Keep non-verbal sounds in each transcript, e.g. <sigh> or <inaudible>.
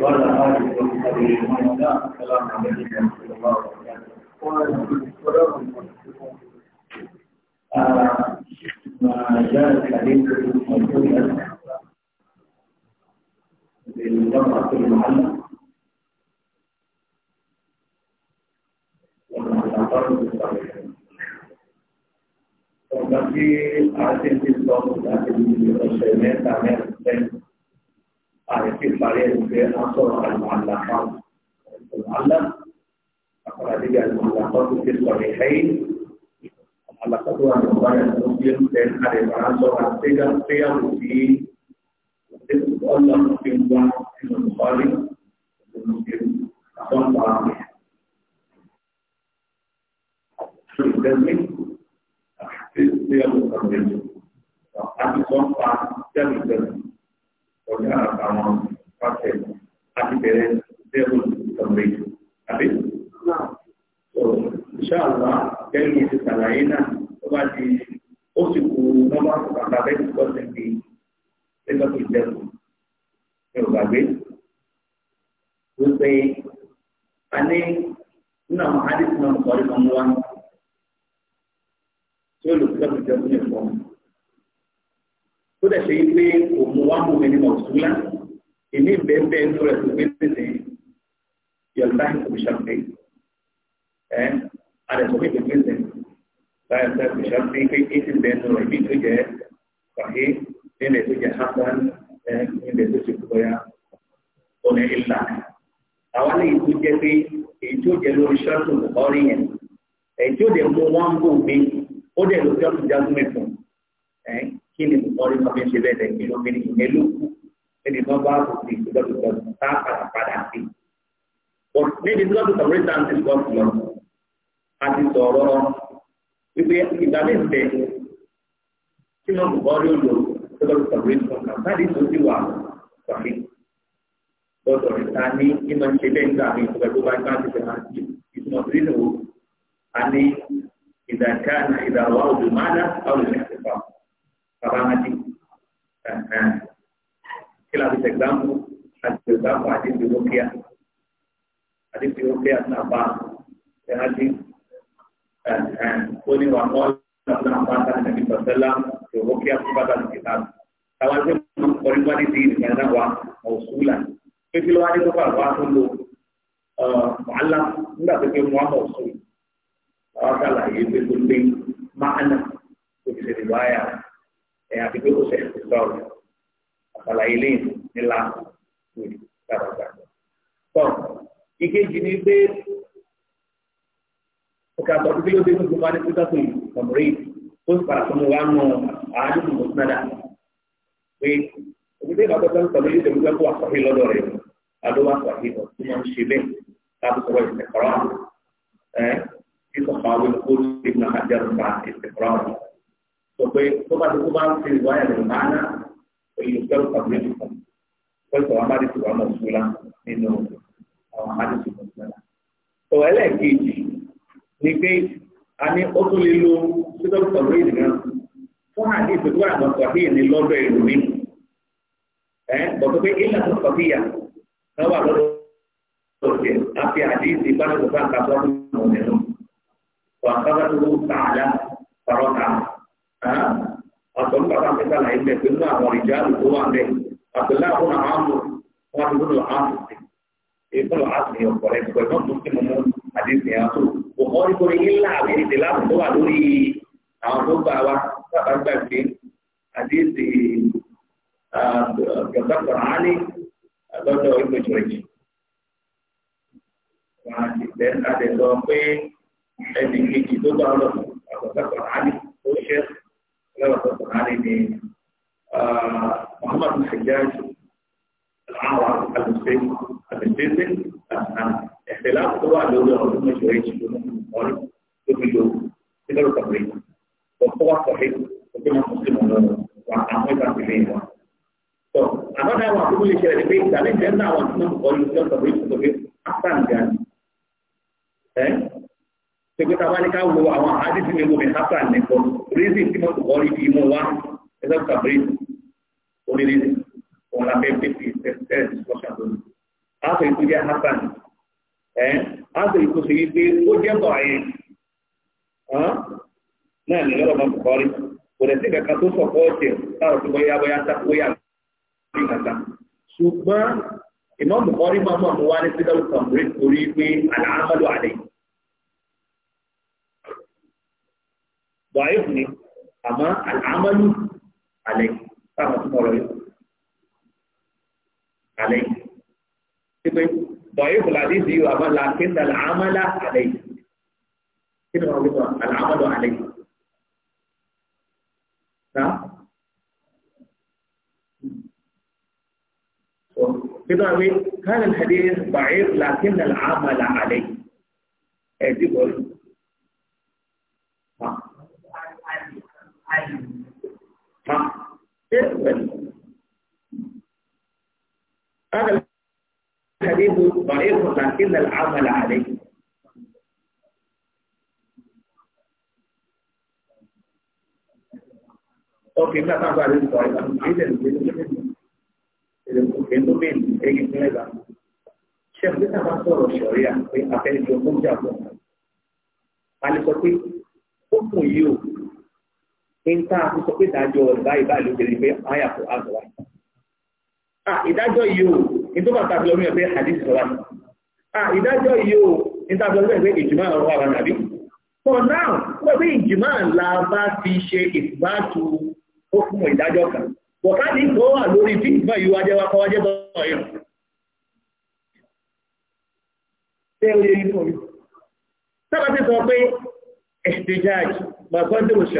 وعلى آله وصحبه ومن والاه السلام عليكم ورحمة الله وبركاته. ما جاء الحديث موجودا بالمرأة المعلمة وما في عشرة صوت لكن الشيطان تعمل عارفين بعدين في أنصر المعلقات المعلق أقرأ لي المعلقات في الصحيحين المعلقات هو البخاري ومسلم بين حديث أنصر السيرة سيرة في تتألق في البخاري ومسلم أصلا الدين الجزمي أحسن سيرة الجزمي وأحسن صحيح سيرة الدين ọjà àtàwọn pàṣẹ àti bẹ̀rẹ̀ zero tọ̀rẹ̀ àbí. so ìṣàlùwà kẹ́lí ti ṣàlàyé náà tó bá di ó sì kú nọ́mbà bàtà bẹ́ẹ̀ tó ṣe di lẹ́tọ̀ tó jẹ́kù ní ògbàgbé wípé a ní nínú àwọn adé tí wọn kọ́ ọ́ lọ́mú tó dẹ̀ ṣe pé kò mú wá mú mi ní mọ̀túnlá èmi bẹ́ẹ̀ tó rẹ̀ tó gbé tètè yọ̀lá kò ṣàpè ẹ́ adẹ̀sọ́ pé gbé tètè báyọ̀ sẹ́ kò ṣàpè pé kí ti bẹ́ẹ̀ tó rẹ̀ bí tó jẹ́ pàṣẹ nílẹ̀ tó jẹ́ hasan ẹ́ nílẹ̀ tó ṣe kúrọ́yà ọ̀nà ìlà àwọn lè tó jẹ́ pé èyí tó jẹ́ lórí ṣọ́ọ̀tù ọ̀rí yẹn èyí tó dẹ̀ mú wọn bò mí ó dẹ̀ lórí ṣọ́ọ̀tù jágúnmẹ̀fọ̀n ẹ́ kí ni mọ̀rí kan fi ṣe bẹ́ẹ̀ lẹ́yìn ìlú mi ní ìyẹn ló kù níbi tó bá kò sí ìdọ́dù kan tá a padà padà sí. níbi tí lọ́dún sọ̀rọ̀ ìta ti sọ lọ a ti sọ̀rọ̀ wípé ìgbà mi ń bẹ̀ tí mo bọ̀ rí olò tó lọ́dún sọ̀rọ̀ ìta kan láti tó ti wà sọ̀rí. lọ́dọ̀ ìta ní kí ṣe bẹ́ẹ̀ nígbà mi ìgbà tó bá ti fẹ́ máa ti ìtumọ̀ sí nìwò a ní ìdàkánà ìdàwọ̀ àwòrán máa dá àwòrán karamati. Kila habis example, hadis example, hadis di Rukia. Hadis di Rukia kenapa? Dan hadis Kuni wa qala Ibn Abbas an Nabi sallallahu alaihi Rukia kepada kitab. Kawan itu mengkorimkan di sini karena wa mausulan. Kekiluan itu kan wa dulu mu'allam enggak begitu wa mausul. Wa kala itu penting makna itu bisa dibayar ẹ̀yà àti pé ó ṣe ẹ̀sìn sọ̀rọ̀ àtàlàyé lẹ́yìn nílá lórí gbàgbàgbà. tọ́ ìkejì ni pé òkè àtọ̀ tó yóò dé fún gbogbo anípútà pé ọ̀mùrè ó sì padà fún mi wá nù àánú mọ̀ sí nàdà pé òkúté ìbátan tó ń sọ lórí ìdèmí pẹ́kú àkọ́kí lọ́dọ̀ rẹ̀ adó wá sọ̀rọ̀ ìbọn tó máa ń ṣe bẹ́ẹ̀ láti sọ̀rọ̀ ìsẹ̀kọ́rọ̀ ẹ̀ sísọ̀kọ̀ àwọn olùkó ìgbìmọ̀ àjẹrùbá ìsẹ̀kọ́rọ̀ sọ pé tó bá tó bá ń fi ìwà ẹ̀rọ ìmáná èyí ìfẹ́rù tàbí ìfọ̀ pẹ̀lú àwọn adìsí wa mọ̀ sí la nínú àwọn adìsí mọ̀ sí la. sọ ẹlẹ́ẹ̀kejì ni pé a ní ó tún lè lo sídọ́ọ̀tù tàbí ìdìgbà fún àdìsí tó àgbà tàbí ìní lọ́dọ̀ ìlú mi. ẹ bọ̀dọ̀ pé ilẹ̀ tó tàbí yà náà wà lọ́dọ̀ òkè àti àdìsí ìbánisọ̀tà àkàtọ́ àti ìmọ̀ nínú. wà á kábàtúwò tààlà ọ̀tọ̀ nípa bá ń pẹ́ sàlàyé bẹ̀ pé ní àwọn ìjà àlùkò wà bẹ̀ àtẹ̀lé àwọn àmọ̀ wọn ti gbọ́dọ̀ àmọ̀ sí ìfúnlọ̀ àti ọ̀pọ̀lẹ̀ pẹ̀lú náà tó ti mú mú àdéhùn yàtò òkò nítorí ńlá àbí ìdè láàbù tó wà lórí àwọn tó gbà wá sábà gbàgbé àdéhùn gbọ̀ngàn kọ̀ọ̀hánì lọ́dọ̀ ìgbè jọ̀jì. Wọ́n á ti bẹ́ẹ̀ adẹ̀ pé ẹnì kejì tó gbà lọ لما تطلع عليه محمد الحجاج العرب المسلم المسلم اختلاف هو اللي هو ما شويش قال تقول كده تقريبا وهو صحيح وكما مسلم وعامل تقريبا أنا ده ما بقول لك اللي بيت عليه جنة أو أنت بقول لك تقريبا تقريبا أحسن جنة إيه تقول طبعا كده هو أو حادث من يوم حسن نقول reason tí mo kọ́ ní fi mú wa ẹ̀sọ́ kàbírí orí reason òun la fẹ́ fẹ́ fi tẹ́lẹ̀ discussion lónìí. a sọ ètò jẹ́ hasan ẹ̀ a sọ ètò sì yí pé ó jẹ́ bọ̀ ayé náà ní lọ́rọ̀ máa kọ́ rí kò dẹ̀ sí kankan tó sọ kọ́ ọ̀tẹ̀ táwọn tó bóyá bóyá tá bóyá bí kankan. ṣùgbọ́n ìmọ̀ mùkọ́rí máa mú àwọn wa ní sídàlù kàbírí torí pé àlàáfàlù ضعيف أما العمل عليه كما تقول عليه تبين ضعيف العديد يو أما لكن العمل عليه كنا نقول العمل عليه نعم كده كان الحديث ضعيف لكن العمل عليه ايه عين صح هذا الحديث ضعيف لكن العمل عليه Porque una tasa de esto, hay la bien, en general. Se empieza más solo, se oía, apenas yo mucha cosa. Vale, porque, ¿cómo yo níta àti sọ pé ìdájọ́ báyìí báyìí ló tẹ̀lé pé àyà kò á sọ̀rọ̀ o nítorí bàtà fi lọ́mú yẹn pé àdìsí sọ̀rọ̀ àìsàn. o níta fi lọ́mú yẹn pé ìjùmọ̀ ọ̀rọ̀ for now wọ́n pé ìjùmọ̀ la bá fi ṣe ìbátu ó fún mọ̀ ìdájọ́ kan. bọ̀kádì tó wà lórí tí ìgbà yìí wájẹ́ wá kọ́wájẹ́ sábà ti sọ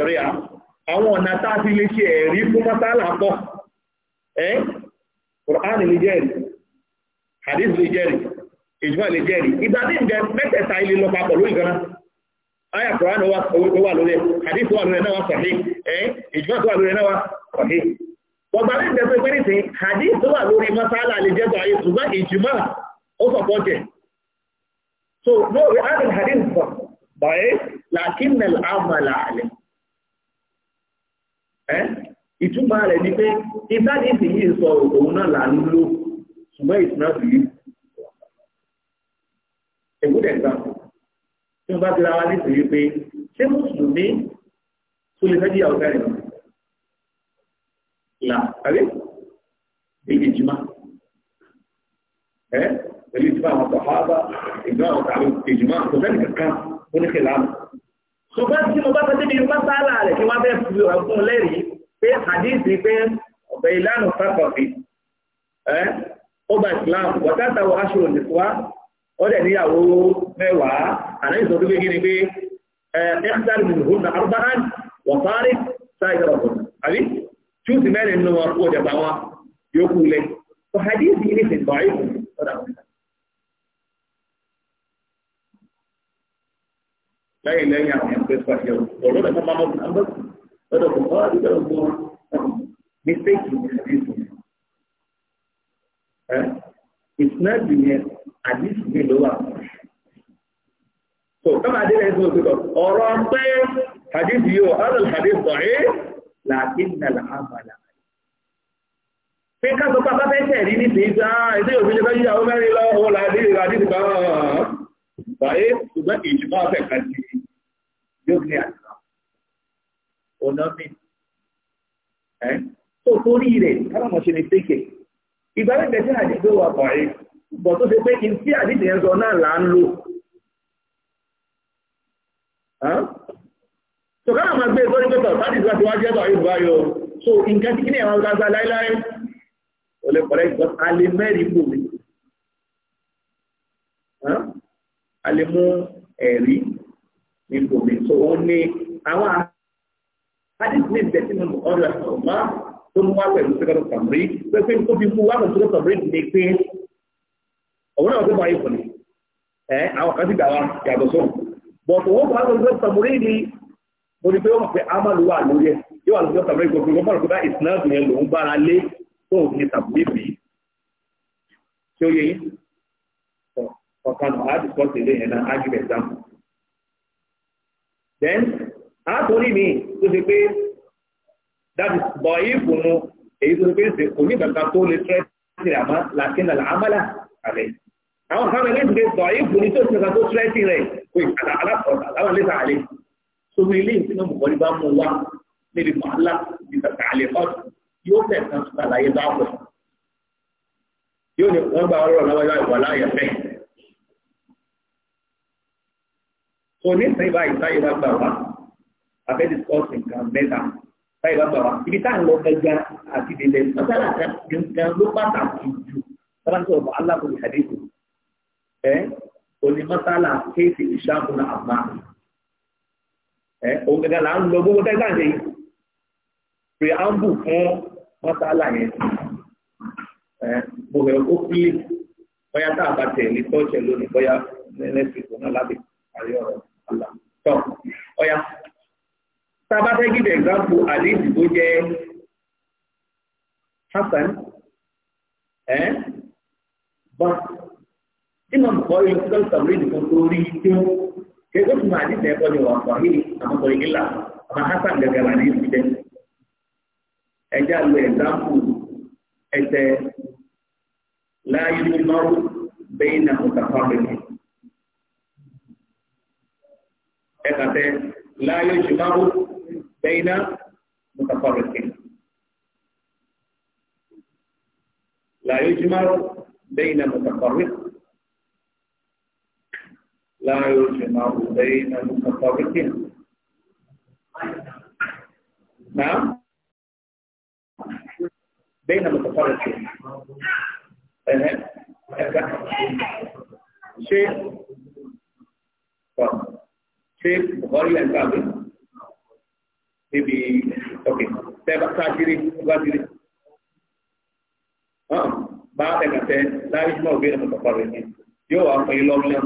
pé àwọn ọ̀nà tá a fi lè ṣe ẹ̀rí fún mọ́sálà pọ̀ ẹ́ Qur'an lè jẹ́rìí hadith lè jẹ́rìí ìjùmọ̀ lè jẹ́rìí ìgbà tí nǹkan mẹ́tẹ̀ẹ̀ta ilé lọ papọ̀ lórí gan aya Qur'an wà lórí hadith wà lórí náà wà sahih ẹ́ ìjùmọ̀ tó wà lórí náà wà so no we have a hadith sọ bọ̀ẹ́ lakin al amala alayh ìtumọ̀ rẹ̀ ni pé ìbádìsì yìí sọ òun náà là ń lò ṣùgbọ́n ìtumọ̀ sí yìí ẹ̀gúdẹ̀ gbà tí wọ́n bá ti ra wa ní ìsìn wípé ṣé mùsùlùmí tó lè fẹ́ jíyàwó fẹ́rẹ̀ lọ là àrí èyí jùmọ̀ ẹ pẹ̀lú ìtumọ̀ àwọn sọ̀hábà ṣùgbọ́n tí mo bá fẹ́ débi mọ́sálà rẹ̀ kí wọ́n fẹ́ fi ọ̀gbun lẹ́rìí pé hadith pé ọ̀bẹ ìlànà fàkọ̀fì ẹ́ ó gba islam wàtàtà wọ aṣọ òdìkúwa ó dẹ̀ níyàwó mẹ́wàá àná ìsọ tó gbégi ni pé ẹ ẹ́kítàrí náà lẹ́yìn lẹ́yìn àwọn ẹgbẹ́ pàṣẹ ọ̀rọ̀ lọ́dọ̀ máa mọ̀ ní abẹ́kù lọ́dọ̀ kò kọ́ àdúgbò ọ̀gbọ́n mistake ní àdìsùn ẹ ìsinẹ́ẹ̀dì yẹn àdìsùn mi ló wà. tó kọ́mọ adélẹ̀ ẹ̀sìn òkè kọ́ ọ̀rọ̀ pé hadith yìí ó ọ̀rọ̀ hadith sọ̀rí làákín nàlà àmàlà. pé ká sọ pé abáfẹ́ tẹ̀rí ní tèyí báyé ṣùgbọ́n ìjùmọ̀ ọ̀fẹ́ kan ti yóò ní àná ọ̀nà mi ẹ́ tó torí rẹ̀ káràmọ̀ ṣe ní tẹ́kẹ̀ ìgbàlẹ́gbẹ̀ tí àdìgbò wà báyé bọ̀ tó ṣe pé ìfí àdìgbò yẹn sọ náà là ń lò tó káràmọ̀ gbé sórí pẹ́tọ̀ láti ìgbà tí wá jẹ́ báyé báyé so nǹkan tí kí ni àwọn ọ̀gáza láíláí ò lè pọ̀lẹ́ ìgbọ́n alẹ́ mẹ́rin a lè mú ẹ̀rí ní gbòmí tó ó ní àwọn àdìsí ìbẹ̀tí nínú ọ̀rọ̀ ọ̀gbá tó mú wá pẹ̀lú sẹ́kọ̀tọ̀ tàmírí pé pé tó fi mú wá pẹ̀lú sẹ́kọ̀tọ̀ tàmírí ní pé òun náà tó bá yìí fún ẹ àwọn kan sì gbà wá yàtọ̀ sóhùn bọ̀tọ̀ wọ́n bá pẹ̀lú sẹ́kọ̀tọ̀ tàmírí ni mo ní pé wọ́n pẹ̀ ámàlú wà lórí ẹ̀ yóò wà lórí sẹ́kọ̀tọ̀ tàmírí gbogbo wọn bọ̀rọ̀ pé ìsìnàbì yẹn lòún bára lé tóun ní tàbí ọ̀kan I discuss ilé yẹn náà argue example. Then àtúrí mi tó ṣe pé that is bọ̀ ìfún mu èyí tó ṣe pé ṣe kò ní ìgbàgbà tó lè tẹ́ sí àmọ́ làkínà làámàlà àlẹ́. Àwọn kan lè ṣe bọ̀ ìfún ní tó ṣe ìgbàgbà tó tẹ́ sí rẹ̀ pé alákọ̀ọ́ta láwọn lè sàálẹ̀. Sórí ilé ìsinmi mọ̀kọ́ ní bá mú wa níbi màálà ní sàálẹ̀ ọ̀tún yóò fẹ̀ kan ṣàlàyé báwọ̀. Yóò ní wọ́n gba ọlọ́rọ̀ láwọn ìwà láyẹ̀ fẹ́. so nísìnyí báyìí táyé bá gbà wá abẹ́ discuss nǹkan mẹ́ta táyé bá gbà wá ibi tá à ń lọ ẹja àti ìdílé mọ́sálà gangan ló pàtàkì jù sábàtì ọ̀bọ̀ alákòwé àdéhùn ẹ òní mọ́sálà kéèsì ìṣàkùn àbá ẹ òun gangan là ń lọ gbogbo tẹ́gbà ń ṣe yìí preamble fún mọ́sálà yẹn ẹ mo rẹ̀ ó kílè bóyá tá a bá tẹ̀ lé tọ́ọ̀ṣẹ̀ lónìí bóyá lẹ́lẹ́sì ìgbóná lábẹ́ àríọ̀rọ̀ tọ́ ọ̀yà tábàtẹ́ give example àdéhùn tó jẹ́ Hassan ẹ́ bọ́n nínú ọ̀pọ̀ yìí tó ń sọ̀rọ̀ ìdìbò tó rí tó kéwọ́n tó máa dìbò ẹ̀kọ́ ni wọ́n sọ yìí àwọn ọ̀pọ̀ yìí ọmọ Hassan gẹ́gẹ́ wà ní ìsìlẹ̀ ẹ̀já lu example ẹ̀sẹ̀ láàyè ló máa ń náà ó ẹ̀kàtẹ́ τα ìṣùmáwó bẹ́ẹ̀nà mùtàfàrẹ̀kìn. láyé ìṣùmáwó bẹ́ẹ̀nà mùtàfàrẹ̀kìn. láyé ìṣùmáwó bẹ́ẹ̀nà mùtàfàrẹ̀kìn. نعم بين متفرقين شيء طب ṣé bùkọ́rí ẹ̀ ń gbàgbé níbi ọ̀kẹ́ tẹ́bà sáàkiri gbàgiri bá ẹ̀kàtẹ́ láyé náà gbé ẹ̀mọ̀ tọ̀pọ̀ rẹ̀ ní yóò wá fún yín lọ́wọ́ náà.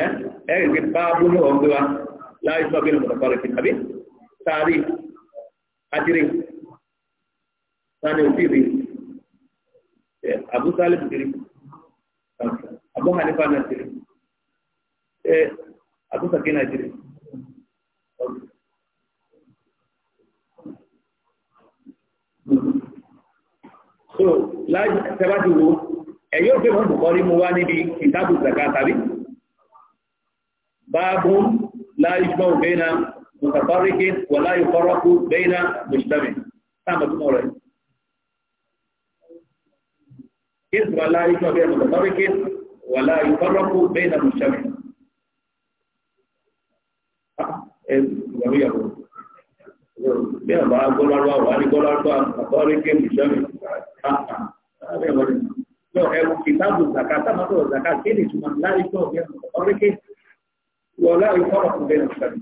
ẹ ẹ gbé báàbù ní ọ̀gbẹ́ wa láyé náà gbé ẹ̀mọ̀ tọ̀pọ̀ rẹ̀ sí àbí sáàrí adiri sani òfìrí àbúsálẹ̀ bìrì. Thank Abu Hanifa na tiri eh Abu Saki na so láì tẹ́bá ti wo ẹ̀yọ́ pé wọ́n bùkọ́ rí mú wá níbi ìtàbù zaka tàbí báàbù láì ṣùgbọ́n bẹ́ẹ̀nà mùsàfáríkì wà láì fọ́rọ́kù bẹ́ẹ̀nà mùsùlùmí sáàmù tó rẹ̀ kí wàlá ìfọ́rọ́kù bẹ́ẹ̀ náà mùsàmì. Ah, ah, ah, bẹ́ẹ̀ bá gbọ́lárọ́ àwọn arígbọ́lárọ́ àkọ́ríkẹ́ mùsàmì. Ẹ̀wù kìtàbù zakata máa tọ̀ zaka kí ni ìtumọ̀ láì tọ̀ bẹ́ẹ̀ ọ̀ríkẹ́ wàlá ìfọ́rọ́kù bẹ́ẹ̀ mùsàmì.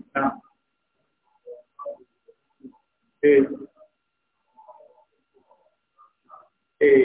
Ee. Ee.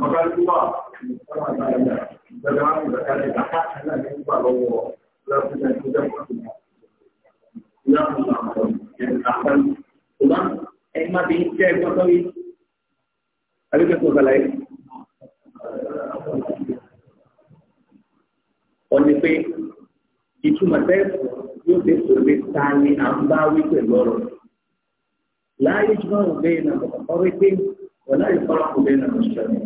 mọ̀tàlùkù wà ìjọba wọn kò dáká lè dáká ẹ̀dá ní gbà lọ́wọ́ lọ́sílẹ̀ tó jẹ́ fún ìgbà. Ìyá mi sọ àwọn ẹ̀ka pẹ̀lú. Ṣùgbọ́n ẹni máa bí jẹ́ ẹ̀kọ́ sọ́rí. Àbíkẹ́ kò sàlàyé. Wọ́n ní pé ìtumọ̀ tẹ́sí yóò dé sòrí ta ni à ń bá wí pẹ̀lú ọ̀rọ̀. Láyé jùlọ òun bẹ́ẹ̀ náà ọ̀rẹ́ pé wọ́n láyé fọ́lá kò bẹ́ẹ̀ náà lọ́sọ̀rọ̀.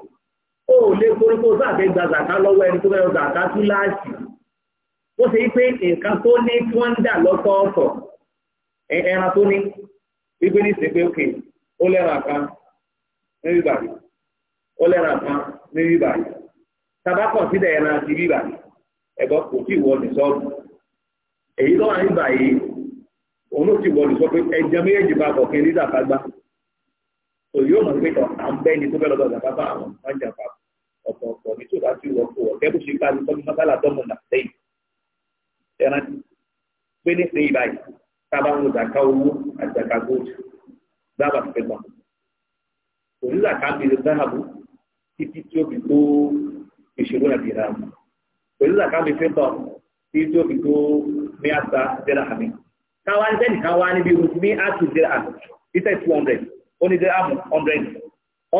ó lè forí kó sáàfẹ́ gba zàká lọ́wọ́ ẹni tó bẹ́ẹ̀ zàká tú láàṣì ó ṣe pé nǹkan tó ní tí wọ́n ń dà lọ́tọ̀ọ̀tọ̀ ẹran tó ní wípé ní ìsìnkú òkè ó lẹ́ra kan ní bíbà ó lẹ́ra kan ní bíbà tàbá sílẹ̀ ẹran ti bíbà ẹ̀gbọ́ kò tí ìwọ ní sọ́ọ̀bù èyí lọ́wọ́ ní bíbà òun ló ti wọ ní sọ ẹ̀jẹ̀ méjèèjì bá kí ní òyìnbó mọ̀ tó fẹ́ lọ́dọ̀ àwọn ọ̀pọ̀ọ̀pọ̀ ní tí ò bá ti wọ̀ kó wọ̀ kẹ́ bó ṣe ká ló tọ́jú mọ́sálà dọ́mọ̀ nà sẹ́yìn ẹran pé ní sẹ́yìn báyìí tá a bá ń lo zaka owó àti zaka gold dábà ti fẹ́ gbà kò ní zaka ń bèrè dáhàbò títí tí ó fi tó ìṣòro àti ìrànwọ́ kò ní zaka ń bèrè fẹ́ gbà títí tí ó fi tó ní àṣà dẹ́rẹ́ àmì káwá ní sẹ́yìn káwá níbi ní àṣù dẹ́rẹ́ àmì títẹ̀ two hundred ó ní dẹ́rẹ́ àmì hundred ọ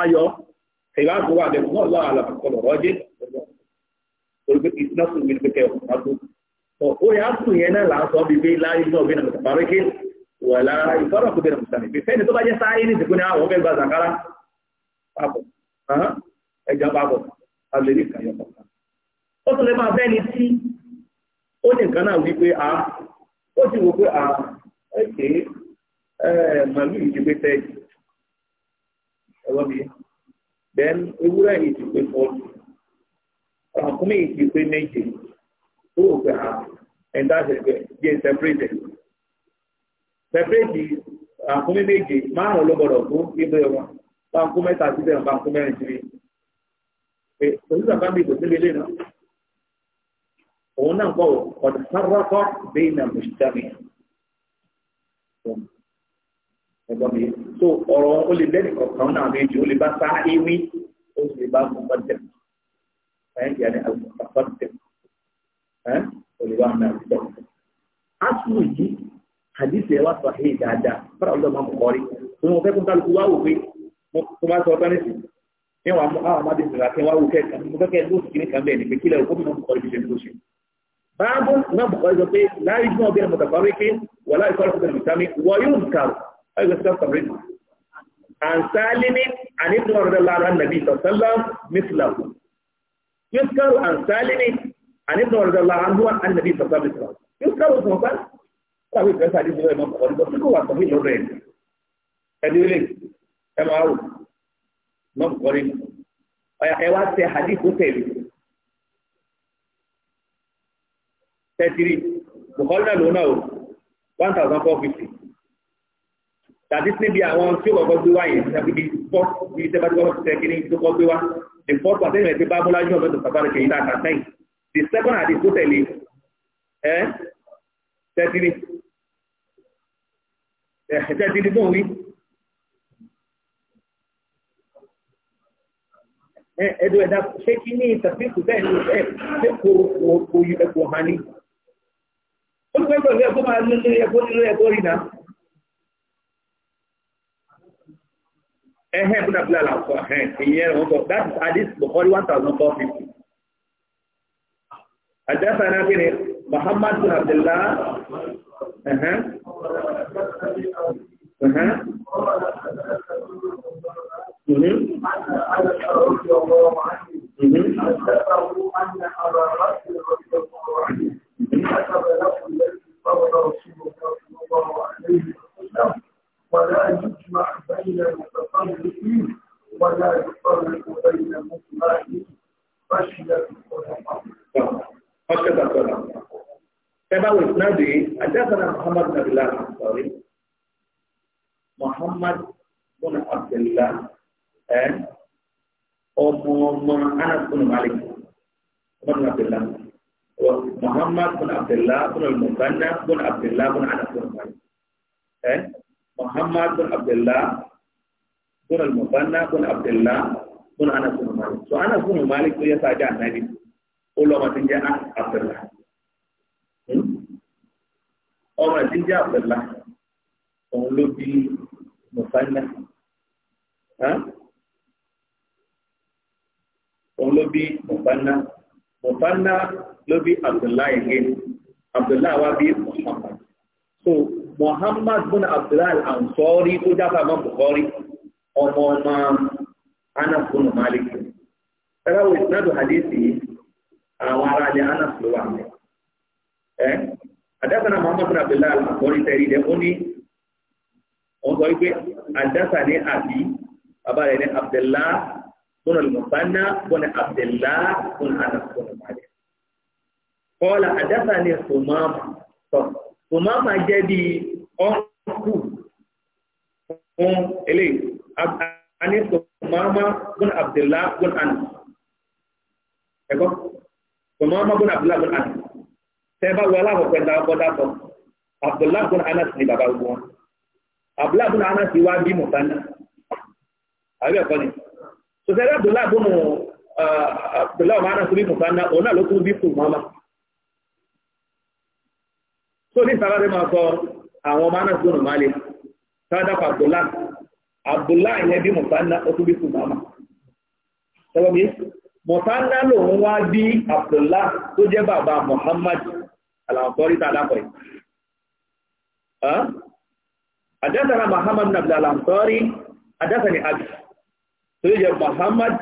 ayọ̀ ìlànà wà lẹ́kùn náà láàlà kọlọ̀ rọ́jẹ́ olùgbé ìsinà fún mi pẹ̀kẹ́ ọ̀pọ̀lọpọ̀ ó yà á sùn yẹn náà là ń sọ bíbí láyé náà bí nàmùsà paríkì wà lára ìfọ́rọ̀ kó bí nàmùsà mi fífẹ́ ni tó bá jẹ́ sáré ní ìsìnkú ni àwọn ah, ọmọ ẹgbẹ́ zakara pàbọ̀ ẹja pàbọ̀ alẹ́rí kàyọ̀ pàbọ̀ ó tún lè máa ẹ̀rọ mi then ewúrẹ́ yìí ti pé fọ́ọ̀tù ọ̀kúnmí yìí ti pé méje tó o gbà ẹ̀ńdá ṣẹ̀fẹ̀ díẹ̀ separate separate ọ̀kúnmí méje márùn ló gbọ́dọ̀ fún ibi ẹ̀wọ̀n báńkú mẹ́ta síbẹ̀ báńkú mẹ́rin síbi òṣìṣẹ́ bá ń náà òun náà ẹ̀gbọ́n mi so ọ̀rọ̀ ó lè bẹ́ẹ̀ nìkan kan náà méjì ó lè bá sá ewé ó sì lè bá mọ̀kọ́ tẹ̀ ẹ̀ yà ni àlùmọ̀kọ́ tẹ̀ ẹ̀ ó lè bá ọ̀nà àtọ̀. asùn yìí àdìsẹ̀ wa sọ èyí dáadáa fúnra ọlọ́mọ mọ̀kọ́rí tó wọn fẹ́ kó kálukú wá wò pé mo máa sọ ọ̀tọ́ nísìn ní wàá mú àwọn ọmọdé ìsìnkú àti wàá wò kẹ́kẹ́ mo fẹ́ kẹ́ ẹ̀ lóṣù kìíní pé kílẹ̀ òkú mi náà mọ̀kọ́rí fi pé láyé gbọ́n bẹ́ẹ̀ mọ̀tàkọ́rí wọ́n yóò kàrò أي قصة تبريد عن سالم عن ابن رضي الله عنه النبي صلى الله عليه وسلم مثله يذكر عن سالم عن ابن رضي الله عنه عن النبي صلى الله عليه وسلم يذكر اسمه قال لا يذكر حديث الإمام البخاري بس هو صحيح الرين ẹdínwó lè ẹ máa wò mọ nkọrí ọyà ẹ wá tẹ hadith tó tẹlẹ tẹtiri bùkọ́lì náà lòun náà wò one thousand four fifty tàbí níbi àwọn tí ó kọ́kọ́ gbé wá yẹn tàbí bí fọ́ bí tẹ́ bá tí wọ́n ti tẹ́ kiri tó kọ́ gbé wá the first one tẹ́lẹ̀ tí bábọ́lá yóò mẹ́tò sàbára kẹ̀yìn náà kà sẹ́yìn the second àti tó tẹ̀lé ẹ́ tẹ́tìrì ẹ̀ tẹ́tìrì tó ń wí. ẹ̀dùn ẹ̀dá ṣé kí ní ìtàfíìsù bẹ́ẹ̀ ni ẹ̀ ṣé kò kò kò hàn ní. ó ń gbẹ́gbẹ́ ẹ̀kọ́ máa lé ẹ̀kọ́ nílé ẹ̀kọ́ rí náà. ẹ̀hẹ́ búdà búdà làkọ̀ ẹ̀hẹ́ ìyẹn wọn sọ that is hadith bukhari one thousand four fifty. àdẹ́sà náà kí ni muhammad bin abdullah ẹ̀hẹ́ ẹ̀hẹ́ mhm. mhm. ولا يجمع بين المتطرفين ولا يفرق بين مطمئن فشل الخلفاء. خشية الخلفاء. كما وإسنادي إيه؟ حدثنا محمد بن بلال الأنصاري محمد بن عبد الله أم آه. أنس بن مالك محمد بن عبد الله ومحمد بن عبد الله بن المثنى بن عبد الله بن أنس بن مالك آه. محمد بن عبد الله بن المثنى بن عبد الله بن انس بن مالك سو انس بن مالك يا ساجا النبي قول ما تنجا عبد الله او ما تنجا عبد الله òun ló bí mùsànà òun ló bí mùsànà mùsànà ló bí abdullahi gé abdullahi wa bí muhammad so Muhammad bin Abdullah Ansori tó jáfa mọ́ Bukhari ọmọ ọmọ Anas bin Malik. Ẹ̀rọ wo ìsinadù hadithi àwọn ará ilé Anas ló wà mẹ́. Ẹ́ Adásánà Muhammad bin Abdullah Ansori tẹ̀rí ilẹ̀ ó ní wọ́n sọ wípé Adásà ní àbí bàbá rẹ̀ ní Abdullah bin Al-Musanna bin Abdullah bin Anas bin Kọ́lá Adásà ní Sùmáàmù sọ̀rọ̀. Umama jẹ́ bí ọ́nkù fún eléyìí. Anis Umama bin Abdullah bin Anas. Ẹ̀kọ́? Umama bin Abdullah bin Anas. Tẹ́bá wọ aláwọ̀pẹ́ dábọ́dábọ́. Abdullah bin Anas ni bàbá gbogbo wọn. Abdullah bin Anas wá bí Mùsánà. Àbí ẹ̀kọ́ ni. Sọ̀tẹ́rẹ́ Abdullah bin uh, Abdullah bin Anas bí Mùsánà, òun náà ló tún bí Umama so ní sábàbí máa sọ àwọn ọmọ anas gbọ́nà máa le sáadà pa abdullahi abdullahi yẹn bí mùsànà ó tún bí sùmàmà sọ́wọ́ mi mùsànà lòun wá bí abdullahi tó jẹ́ bàbá muhammad alàǹsọ́rí tá a dákọ̀ yìí. حدثنا محمد بن عبد الأنصاري حدثني أبي تيجي محمد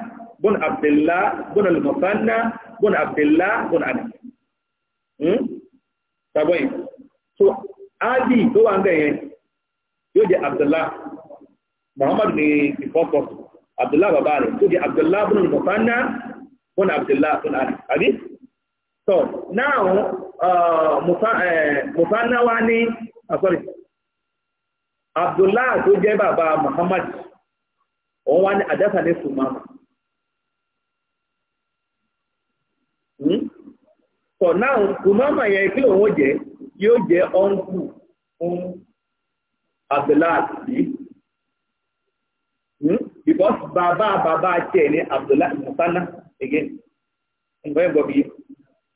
بن عبد الله بن المثنى بن عبد الله بن أنس طيب so áàdì tó wà ń bẹ̀ yóò jẹ́ muhammadu ní ìfọ́pọ̀ abdullah bàbá rẹ̀ tó jẹ́ abdullah bùnú mọ̀fánà bùnú abdullah bùnú àdì àbí so now uh, mọ̀fánà eh, ní ah, sorry abdullah tó jẹ́ bàbá muhammad òun wá ní hmm? so now yẹn kí ó jẹ́ yóò jẹ́ ọ́nkù fún abdullahi hmm? because bàbá bàbá tiẹ̀ ní abdullahi musanna again nǹkan ẹ̀gbọ́n mi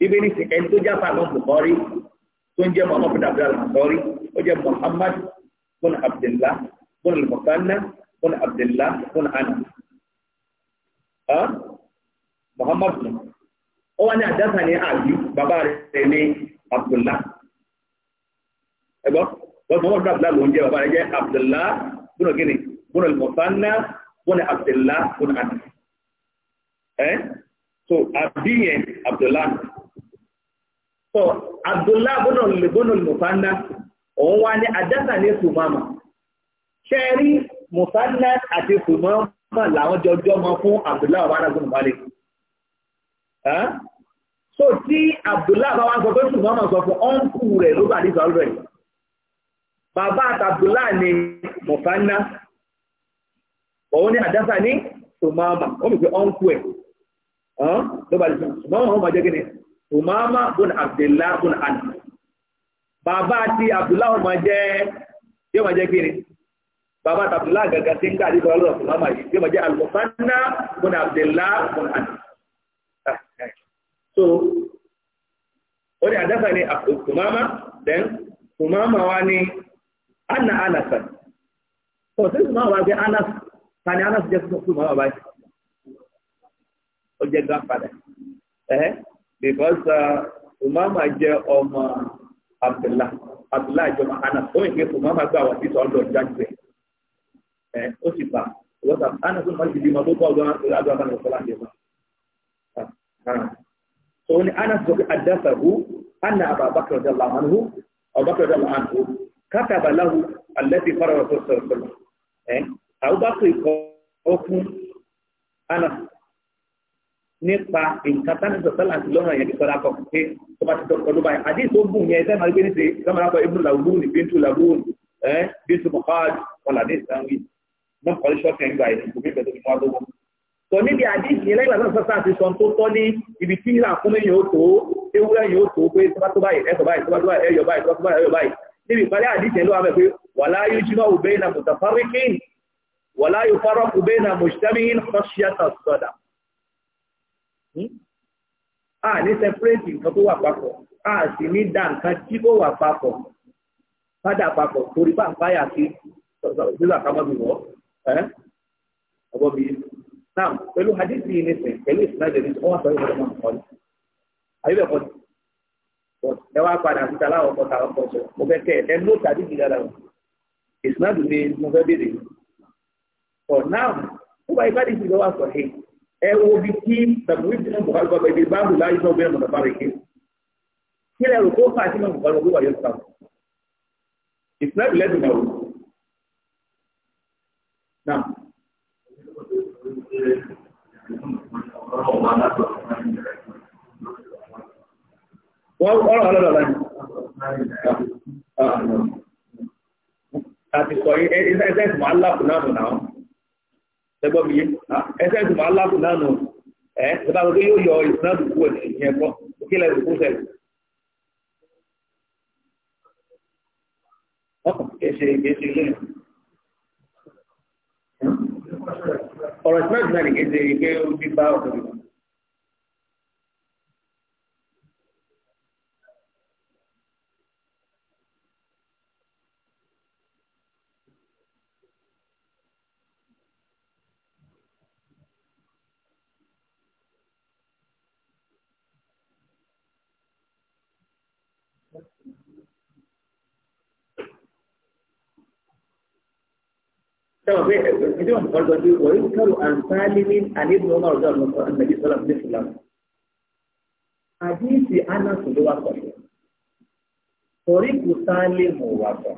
ibi ní sìn ẹni tó jẹ́ àpá àwọn bùkọ́rí tó ń jẹ́ muhammad bin abdullahi bùkọ́rí ó jẹ́ muhammad bin abdullahi bin musanna bin abdullahi bin anas muhammad bin ó wá ní àdáta ní àbí bàbá rẹ̀ ní abdullahi ẹgbọ́ wọ́n mọ̀ abdullahi ló ń jẹ́ bàbá rẹ̀ jẹ́ abdullahi bùnà gíní bùnà mọ̀sánná bùnà abdullahi bùnà àti ẹ́ so àbíyẹn abdullahi so abdullahi bùnà bùnà mọ̀sánná òun wá ní adásà ní sùmọ́mà ṣẹ́rí mọ̀sánná àti sùmọ́mà làwọn jọjọ́ mọ fún abdullahi wà lágùn balẹ̀ so tí abdullahi bá wá sọ pé sùmọ́mà sọ fún ọ́nkù rẹ̀ ló bá ní sọ rẹ̀ bàbá àtàbùlá ni mọ̀fánná òun ní àdásà ní tòmáàmà ó mú pé ọ́nkú ẹ̀ ló bá lè sọ ṣùgbọ́n wọn máa jẹ́ gẹ́gẹ́ tòmáàmà bùn àbdèlá bùn àná bàbá àti àbdùlá wọn máa jẹ́ kí ni bàbá àtàbùlá gàgà tí ń káàdì lọ́wọ́ lọ́wọ́ tòmáàmà yìí yóò máa jẹ́ àlùmọ̀fánná bùn àbdèlá bùn àná so ó ní àdásà ní tòmáàmà then tòmáàmà wa ní anna anasan to sai sùmọ́ àbáyé anas tani anas jẹ́ sùmọ́ àbáyé ó jẹ́ grandfather ẹ̀hẹ́ eh? because uh, umama jẹ́ ọmọ abdullah abdullah umama gbà wá sí sọ́ọ́dọ̀ jáde ẹ̀ eh? ó sì bá lọ́sà anas ń bá ti di ma tó kọ́ ọ̀gá ọ̀gá ọ̀gá ọ̀gá ọ̀gá ọ̀gá so ni anas sọ pé adáfẹ́ hu anna abubakar radiyallahu anhu abubakar kátàbà láwù alẹ́bí fara wọn sọ̀rọ̀ sọ̀rọ̀ ẹ̀ àwùbákùn ikọ̀ ọkùn ana nípa nǹkan tánà sọ̀tàlà àti lọ́rùn àyẹ̀dí sọ́dá kọ̀ pé tó bá ti dọ̀kọ̀ lóba yẹn àdéhùn tó gùn yẹn ẹ̀dá máa gbé níṣe sọ́mọ́lá kọ́ ibùdó làwùn ní bíntu làwùn ẹ̀ bíntu mọ̀káàdì wọn làdé ìsànwìn náà kọ́lé ṣọ́ọ̀tì ẹ̀ ń gbà yẹn kò bí bẹ̀rẹ̀ tó fi wá sọ níbi àdéhùn yẹn lẹ́gbàá náà sọ́sà àti sọ tó tọ́ ní ibi tí ìlà fún mi yóò tó ewúrẹ́ yóò tó pé tó níbi ìparí àdíjẹ̀ ló wà pé wala yujma'u bayna mutafarriqin wala yufarraqu bayna mujtami'in khashyata as-sada hmm? a ní sẹpẹrẹtì nǹkan tó wà papọ̀ a sì ní dá nǹkan tí kò wà papọ̀ padà papọ̀ torí bá ń fáyà sí sísà kámọ́bì wọ́ ọgbọ́n bíi náà pẹ̀lú hadith yìí nísìn pẹ̀lú ìsinmi àjẹmí wọ́n sọ ẹ wá padà síta láwọn ọkọ tàwọn ọkọ sọ mo fẹ́ tẹ ẹ ló tàbí ìgbìlá làwọn ìsìnàdù ni mo fẹ́ béèrè for now ó bá ibà dìbò lọ́wọ́ àtọ̀ ẹ ẹ wo bí kí tàbí bí mo bọ̀ bọ̀ ibi báàbù láyé náà bẹ́ẹ̀ mọ̀tàbá rẹ̀ ké kí lẹ́rù kó fà sí mọ̀tàbá rẹ̀ kó yóò sàmù ìsìnàdù lẹ́dùn náà náà. Ọlọ́run wa látọ̀ Wọ́n rọ̀ lọ́dọ̀ láti. Àti sọ yí, ẹsẹ̀ ìsìnmọ̀ aláàpù náà nù náà. Ẹgbọ́ mi yé, ẹsẹ̀ ìsìnmọ̀ aláàpù náà nù. Ẹ ìgbà tó yóò yọ ìsìnàdù kú ẹ̀sìn ìyẹn kọ́, òkè lẹ́sìn kú sẹ́yìn. Ọkàn kẹsẹ̀ ìgbésẹ̀ ilé. Ọ̀rọ̀ ìsìnàdù náà nìkejì ìgbé Tẹ́wọ̀n pé ẹgbẹ́ wọn kọ́ lọ sí wọ́n yóò kẹ́rù àǹfààní ní àníbi ọmọ ọ̀dọ́ ọ̀dọ́ àgbẹ̀bí sọ́lá ní ìsìlámù. Àdíyèsí Ánàsù ló wà pọ̀. Torí kò sáálé mọ̀ wà pọ̀.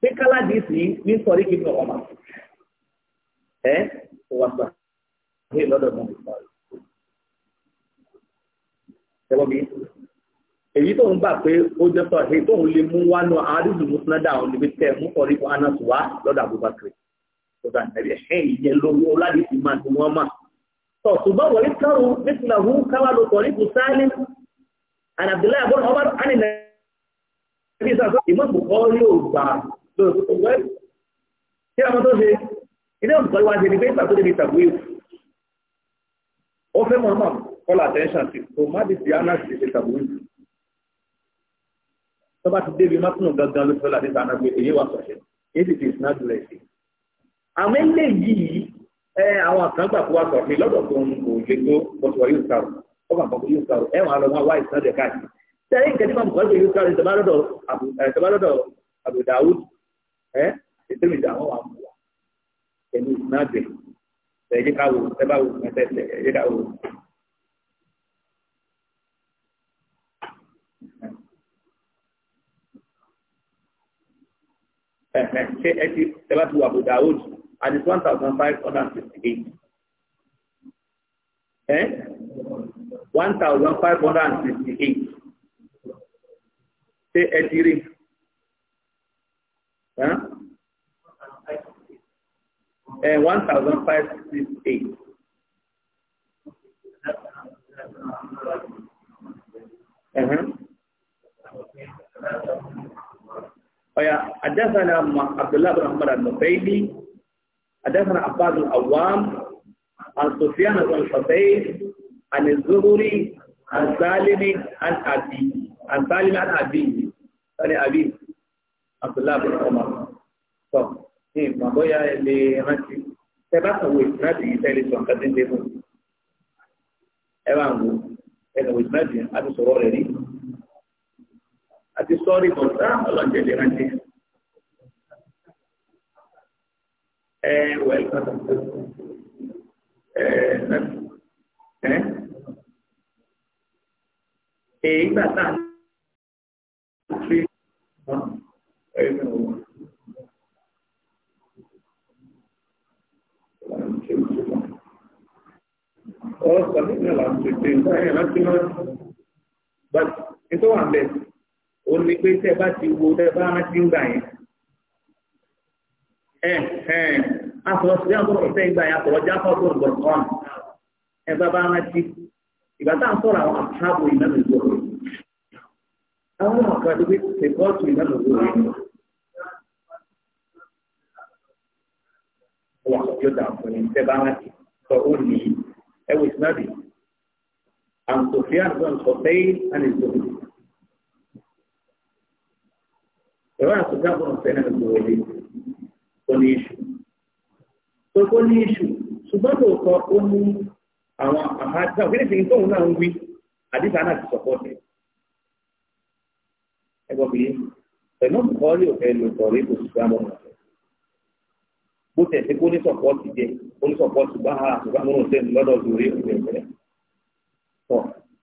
Pé káládìsí ní sọ̀rí kí ni ọmọ ẹ̀ kò wà pọ̀ ní ìlọ́dọ̀ náà. Tẹ́wọ́n mi èyí tó ń gbà pé ó jẹ́ sọ èyí tó ń lè mú wá náà àádùnú musnada àwọn níbi tẹ́ mú kọrí fún anas wá lọ́dọ̀ abubakar ọ̀dà nàbí ẹ̀hẹ́ ìyẹn lówó láti fi máa ti wọ́n mà. sọ ṣùgbọ́n wọlé kárù nípìnlẹ̀ hu káwá ló kọrí fún sáálí and abdullahi abdul omar ani na ẹbí sàkó ìmọ̀ bùkọ́rí ò gbà lórí tó wẹ́. kí ọmọ tó ṣe ilé di ti tó bá ti débi mọ́tún gangan ló fẹ́lá nípa àná pé èyí wà sọ̀ṣẹ̀ èyí ti ìsinájú rẹ̀ sí. àwọn eléyìí ẹ àwọn kan gbà kó wa sọ̀rọ̀ pé lọ́dọ̀ tó ń kò lè tó bọ́sùwọ̀ yóò sàrò ó kàn fọ́n yóò sàrò ẹ̀wọ̀n àlọ́ wọn wá ìsinájú ẹ̀ káàkiri. sẹ́yìn nǹkan tí màmú kan ṣe yóò sàrò ìtàbálọ́dọ̀ Abu Dawud ẹ̀ ìtẹ́mi ìdá àwọn àwọn àwọn ẹ̀mí ìsinájú ẹ̀ ẹ̀hẹ̀ ṣé ẹ ti tẹ́lá ti wà bò Daoud and it's one thousand five hundred and sixty Uh-huh. ويا حدثنا عبد الله بن عمر النفيلي حدثنا عباد الأوام عن سفيان بن الحسين عن الزهري عن سالم عن أبي عن سالم عن أبي عن أبي عبد الله بن عمر طب إيه ما بويا اللي ماشي تبعت هو إسنادي يسأل سؤال قدم ديبون إيه ما هو إيه هو إسنادي أبي سرور لي àti sọ́ọ́rì bọ̀tá ọlọ́jẹ̀ lè rántí. ẹ wẹ̀ ẹ ẹ èyí gbà tá a ti wọn ẹ ní wọn. Ọ̀sán nígbà láti ṣe pé báyìí láti máa bá nítorí wà bẹ́ẹ̀ ó ní pé tẹ́ bá ti wo tẹ́ bá rántí ń gbà yẹn ẹ ẹ asọ̀rọ̀ sí àbọ̀rọ̀ tẹ́ ń gbà yẹn asọ̀rọ̀ jáfọ́ tó ń bọ̀ kàn ẹ bá bá rántí ìgbà tá à ń sọ̀rọ̀ àwọn àbò ìnáwó ìgbòho àwọn ọ̀gá tó fi tẹ̀kọ́ọ̀tù ìnáwó ìgbòho wà yóò dà fún yín tẹ́ bá rántí sọ ó ní ẹwù ìsinádìí àǹtòfíà ń sọ sẹ́yìn àti ìgbòho ẹ̀rọ àtúgbà bọ̀rọ̀ fẹ́ràn ìgbòwòlé ó ní iṣu gbogbo ní iṣu ṣùgbọ́n lóòótọ́ ó mú àwọn àhájá òkèlè fi tóun náà ń wí àdìsá náà ti sọ̀pọ̀ tẹ̀ ẹgbọ́n mi pẹ̀lú ìkọ́lé òfẹ́ ló sọ̀rọ̀ èkó ṣùgbọ́n àbọ̀ náà bó tẹ̀ sí kó ní sọ̀pọ̀ ti jẹ kó ní sọ̀pọ̀ ṣùgbọ́n àhà ṣùgbọ́n àmúrò ṣe lọ́dọ̀ lórí ìpínlẹ̀ ìpínlẹ̀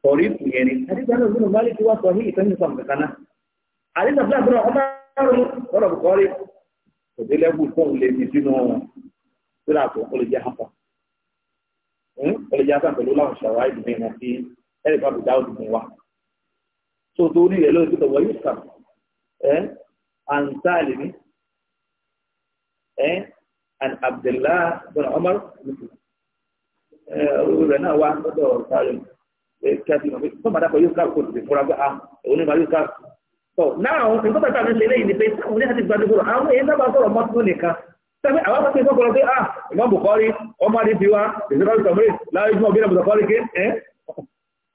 sọ̀rí ìpínlẹ̀ ni àdìsá náà ló ń bá lè ti wá sọ ní ìtọ́jú sọ̀rọ̀ lọ́dọ̀ bùkọ́rí kò dé lẹ́bù fóun lè fi sínú sílá tó ó lè jẹ́ hafa ó lè jẹ́ hafa pẹ̀lú láwọn ṣàwá ìdùnnú ìrìn àti ẹ̀rì bá bùdá òdùnnú wa tó tó ní ìrẹ̀lẹ́ òtítọ́ wọ́n yóò sàn ẹ́ àǹtáàlì ní ẹ́ àn Abdullah bin Umar ẹ̀ rẹ̀ náà wá lọ́dọ̀ sáré kí a ti mọ̀ pé tó máa yóò káàkó ti fúra gbá ah òun ní ma yóò káàkó So now, in total time, ṣe ní pé táwọn oníṣẹ́ ti gbàdúgbò àwọn èyí sábà sọ̀rọ̀ mọ́tún nìkan. Sẹ́fẹ́ àwọn akọ́kọ́ ìfọ́ kọ̀rọ̀ pé, ah, Imam Bukhari, ọmọ adé ti wá, ìṣẹ́lá ìṣọ̀ mẹ́rin, láàrín ìṣúná òbínà Mùsàfárí ké, ẹ́.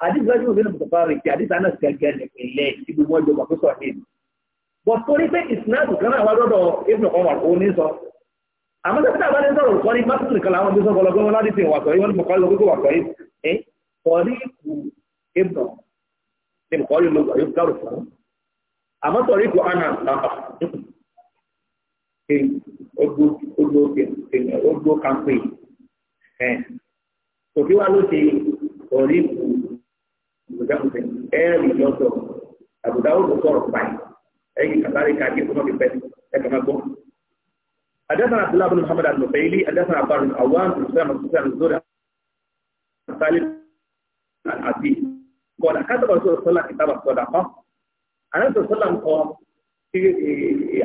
Àdìsí lájú òbínà Mùsàfárí ké, àdìsí àná ti gẹ́gẹ́ nípìnlẹ̀ tí gbogbo ọjọ́ wà fún sọ̀rọ̀ nínú. Bọ̀ torí pé ìsìnàdù kan náà wá lọ́dọ̀ Ibn Umar òun ní sọ. Àmọ́ sẹ́fẹ́ àbá ní sọ̀rọ̀ kọ́ ní Másùn nìkan làwọn bí sọ́kọ́ lọ́gbọ́n láti fi wà sọ̀rọ̀ ìwọ́n Bukhari fún àmọ́ tọ̀rí kò ánà lápá ogbó kàmpé ẹ̀ tòkí wá ló ṣe tọ̀rí kù ìgbàgbọ́sẹ̀ ẹ̀rì lọ́sọ̀ àbùdá ó lọ sọ̀rọ̀ pàì ẹ̀yìn kàbárí káàkiri kó má fi pẹ́ ẹ̀kà má gbọ́. حدثنا عبد الله بن محمد النفيلي حدثنا عبد الله بن عوام بن سلمة بن سلمة الزهري عن سالم عن عزيز قال كتب رسول الله صلى الله عليه وسلم كتاب الصدقة àrẹ́sọ̀ sọ́là ń kọ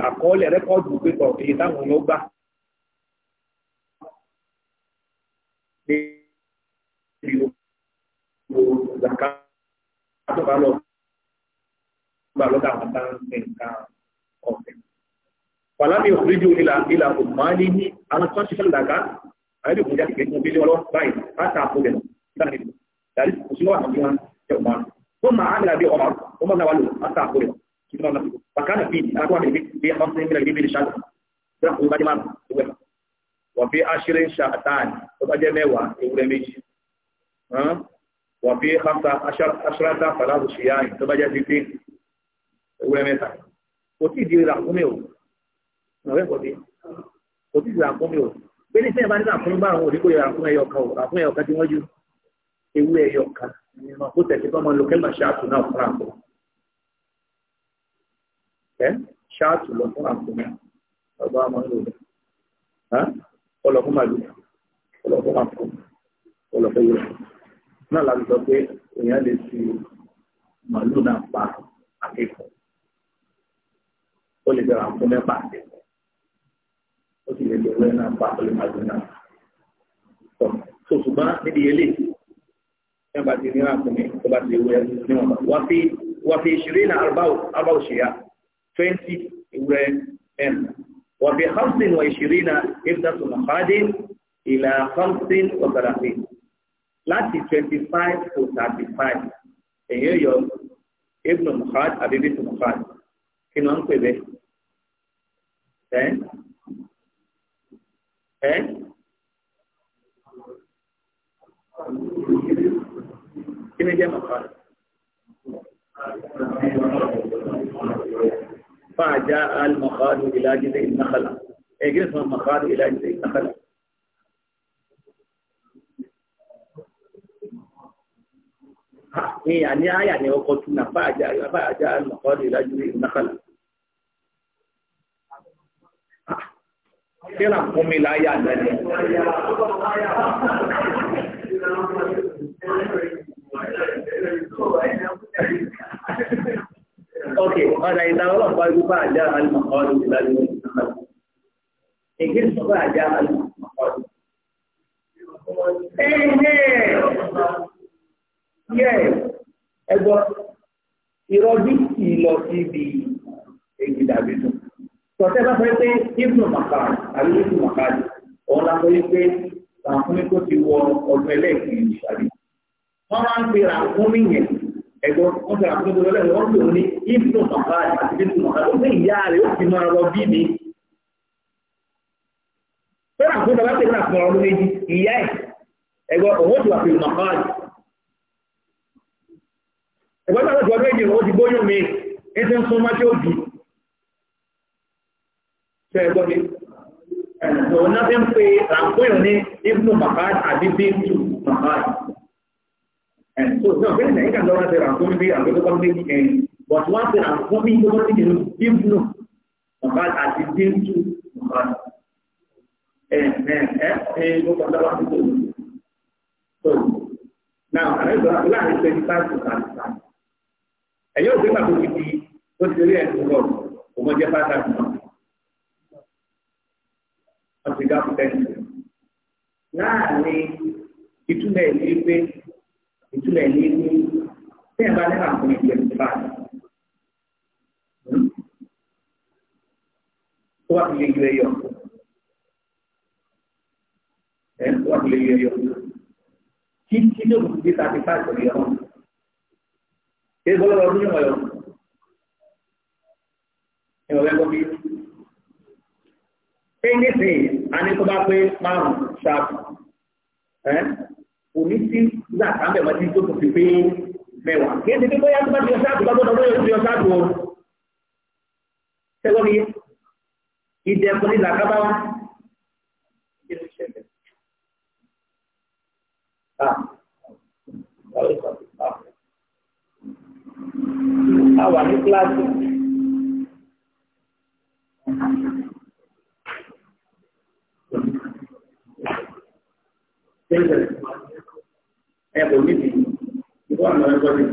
àkọọ́lẹ̀ rẹ́kọ́ọ̀dù pé tọ̀ èyí táwọn yóò gbà. Zaka tó bá lọ gbà lọ́dà àwọn tá ń sin nǹkan ọ̀sẹ̀. Fàlámì òfurufú ìlà ìlà òmùmánì ní àwọn tó ń ṣiṣẹ́ lọ́dàgá àyẹ̀dẹ̀kùn jáde kékeré fún bílíọ̀nù báyìí láti àpò rẹ̀ nígbà níbi. Dàrí kò sí lọ́wọ́ àtúntò wọn jẹ́ òmùmánì. ثم عمل ابي عمر عمر بن ولد حتى اخبره فكان فيه اقوى من في خمس من الابل شاة ياخذ بعد ما وفي عشر شاتان وبعد ميوا يقول ميجي ها وفي خمسة عشر عشرة ثلاث شياء وبعد ستين يقول ميتا وتي دي راقومي او نوي بودي وتي راقومي او بيني سين باني راقومي باو ديكو راقومي يوكاو راقومي يوكاتي موجود ewé ẹyọ kan ìmọ̀ kó tẹ̀sí fún ọmọ lókẹ́lì máa ṣáàtù náà fún àpò ẹ́ ṣáàtù lọ fún àpò náà ọba ọmọ ń lò lọ ọlọ́fún màlúù ọlọ́fún àpò ọlọ́fún wúlò náà láti sọ pé èèyàn lè fi màlúù náà pa àkẹ́kọ̀ọ́ ó lè bẹ̀rẹ̀ àpò mẹ́fà àkẹ́kọ̀ọ́ ó sì lè lè náà pa ọlọ́màlúù náà tó ṣùgbọ́n níbi eléyìí nígbà tí nira kùnmi tó bá ti wúrẹ́ níwọ̀n bá wà fi wà fi na arbáwò ṣìyà twenty ìwúrẹ́ m wà fi hamsin wà ìṣeré na ibùdásùn àfáàdé ìlà hamsin wà láti twenty five to thirty five èyí yọ ibùdó muhammad abibi tó muhammad kí ni wọ́n ń pè bẹ́ẹ̀ ẹ́ ẹ́. kí ni فجاء المخاض إلى جذع النخلة إيه اسم المخاض إلى جذع النخلة إيه يعني آية يعني لنا فجاء فجاء المخاض إلى جذع النخلة كلا قومي لا يعني Okay, ọ̀nà ìtàn ọlọ́pàá ikú bá àjá alùpàkọ́ọ̀dù ìlànà ìlànà. Èké sọ bá àjá alùpàkọ́ọ̀dù. Ẹ̀hẹ́ yẹ ẹgbọ́ ìrọbí kì í lọ síbi èyí dàbí dùn. Sọ̀tẹ́ bá sọ pé ìfún màkàrà àbí ìfún màkàrà ọ̀nà sọ pé tàǹfùnì tó ti wọ ọdún ẹlẹ́ẹ̀kejì àbí wọ́n máa ń pe ràkúnmí yẹn ẹ̀gbọ́n wọ́n pe ràkúnmí tó lọ́lẹ́ wọ́n lò ní ibùdó bàbá àti ibùdó bàbá tó ní ìyá rẹ̀ ó ti máa lọ bí mi. tó ràkúnmí bàbá tẹ̀lé ràkúnmí ọdún méjì ìyá ẹ̀ ẹ̀gbọ́n òun ó ti wà pé bàbá rẹ̀. ẹ̀gbọ́n tó ti wà méjì ó ti gbóyún mi ẹ ti ń sún mọ́tí ó dùn. ṣé ẹ̀gbọ́n mi ẹ̀gbọ́n And so, no, when they can go and say, I'm I'm going to come to the But once they are coming, nobody can give no. But as it is to Muhammad. Amen. Amen. Look at one. So, now, another one is 25 to 35. And you're going to be, what's the real end of God? Ọmọ jẹ́ ìtúlẹ̀ ní ní tí ẹ̀ bá ní àwọn ọmọ ìdílé ti báyìí. Ó wà nílé yọ ẹyọ. Ẹ ó wà nílé yọ ẹyọ. Kí kí ló ń di tàbí fáìlì ọ̀rẹ́ ọ̀hún? Ṣé bọ́lá ọdún yóò wọ̀yọ̀? Ẹ wọ̀ lẹ́kọ̀ọ́ bí. Ṣé ní sìn, a bá pé márùn-ún ṣáàpù òní sí zàkà ń bẹ̀ wá sí tó tó fi pé mẹ́wàá kí ẹni pípọ́ yàtọ̀ bá ti ọ̀sá àtúbá tó dọ̀dọ̀ yóò fi ọ̀sá àtúbọ̀ tẹ́wọ́n ni ìdẹ̀kùn ní zàkà bá wá. A wà ní kíláàsì. Thank you ẹ kò ní ti ìwọ àná ẹ sọ̀rọ̀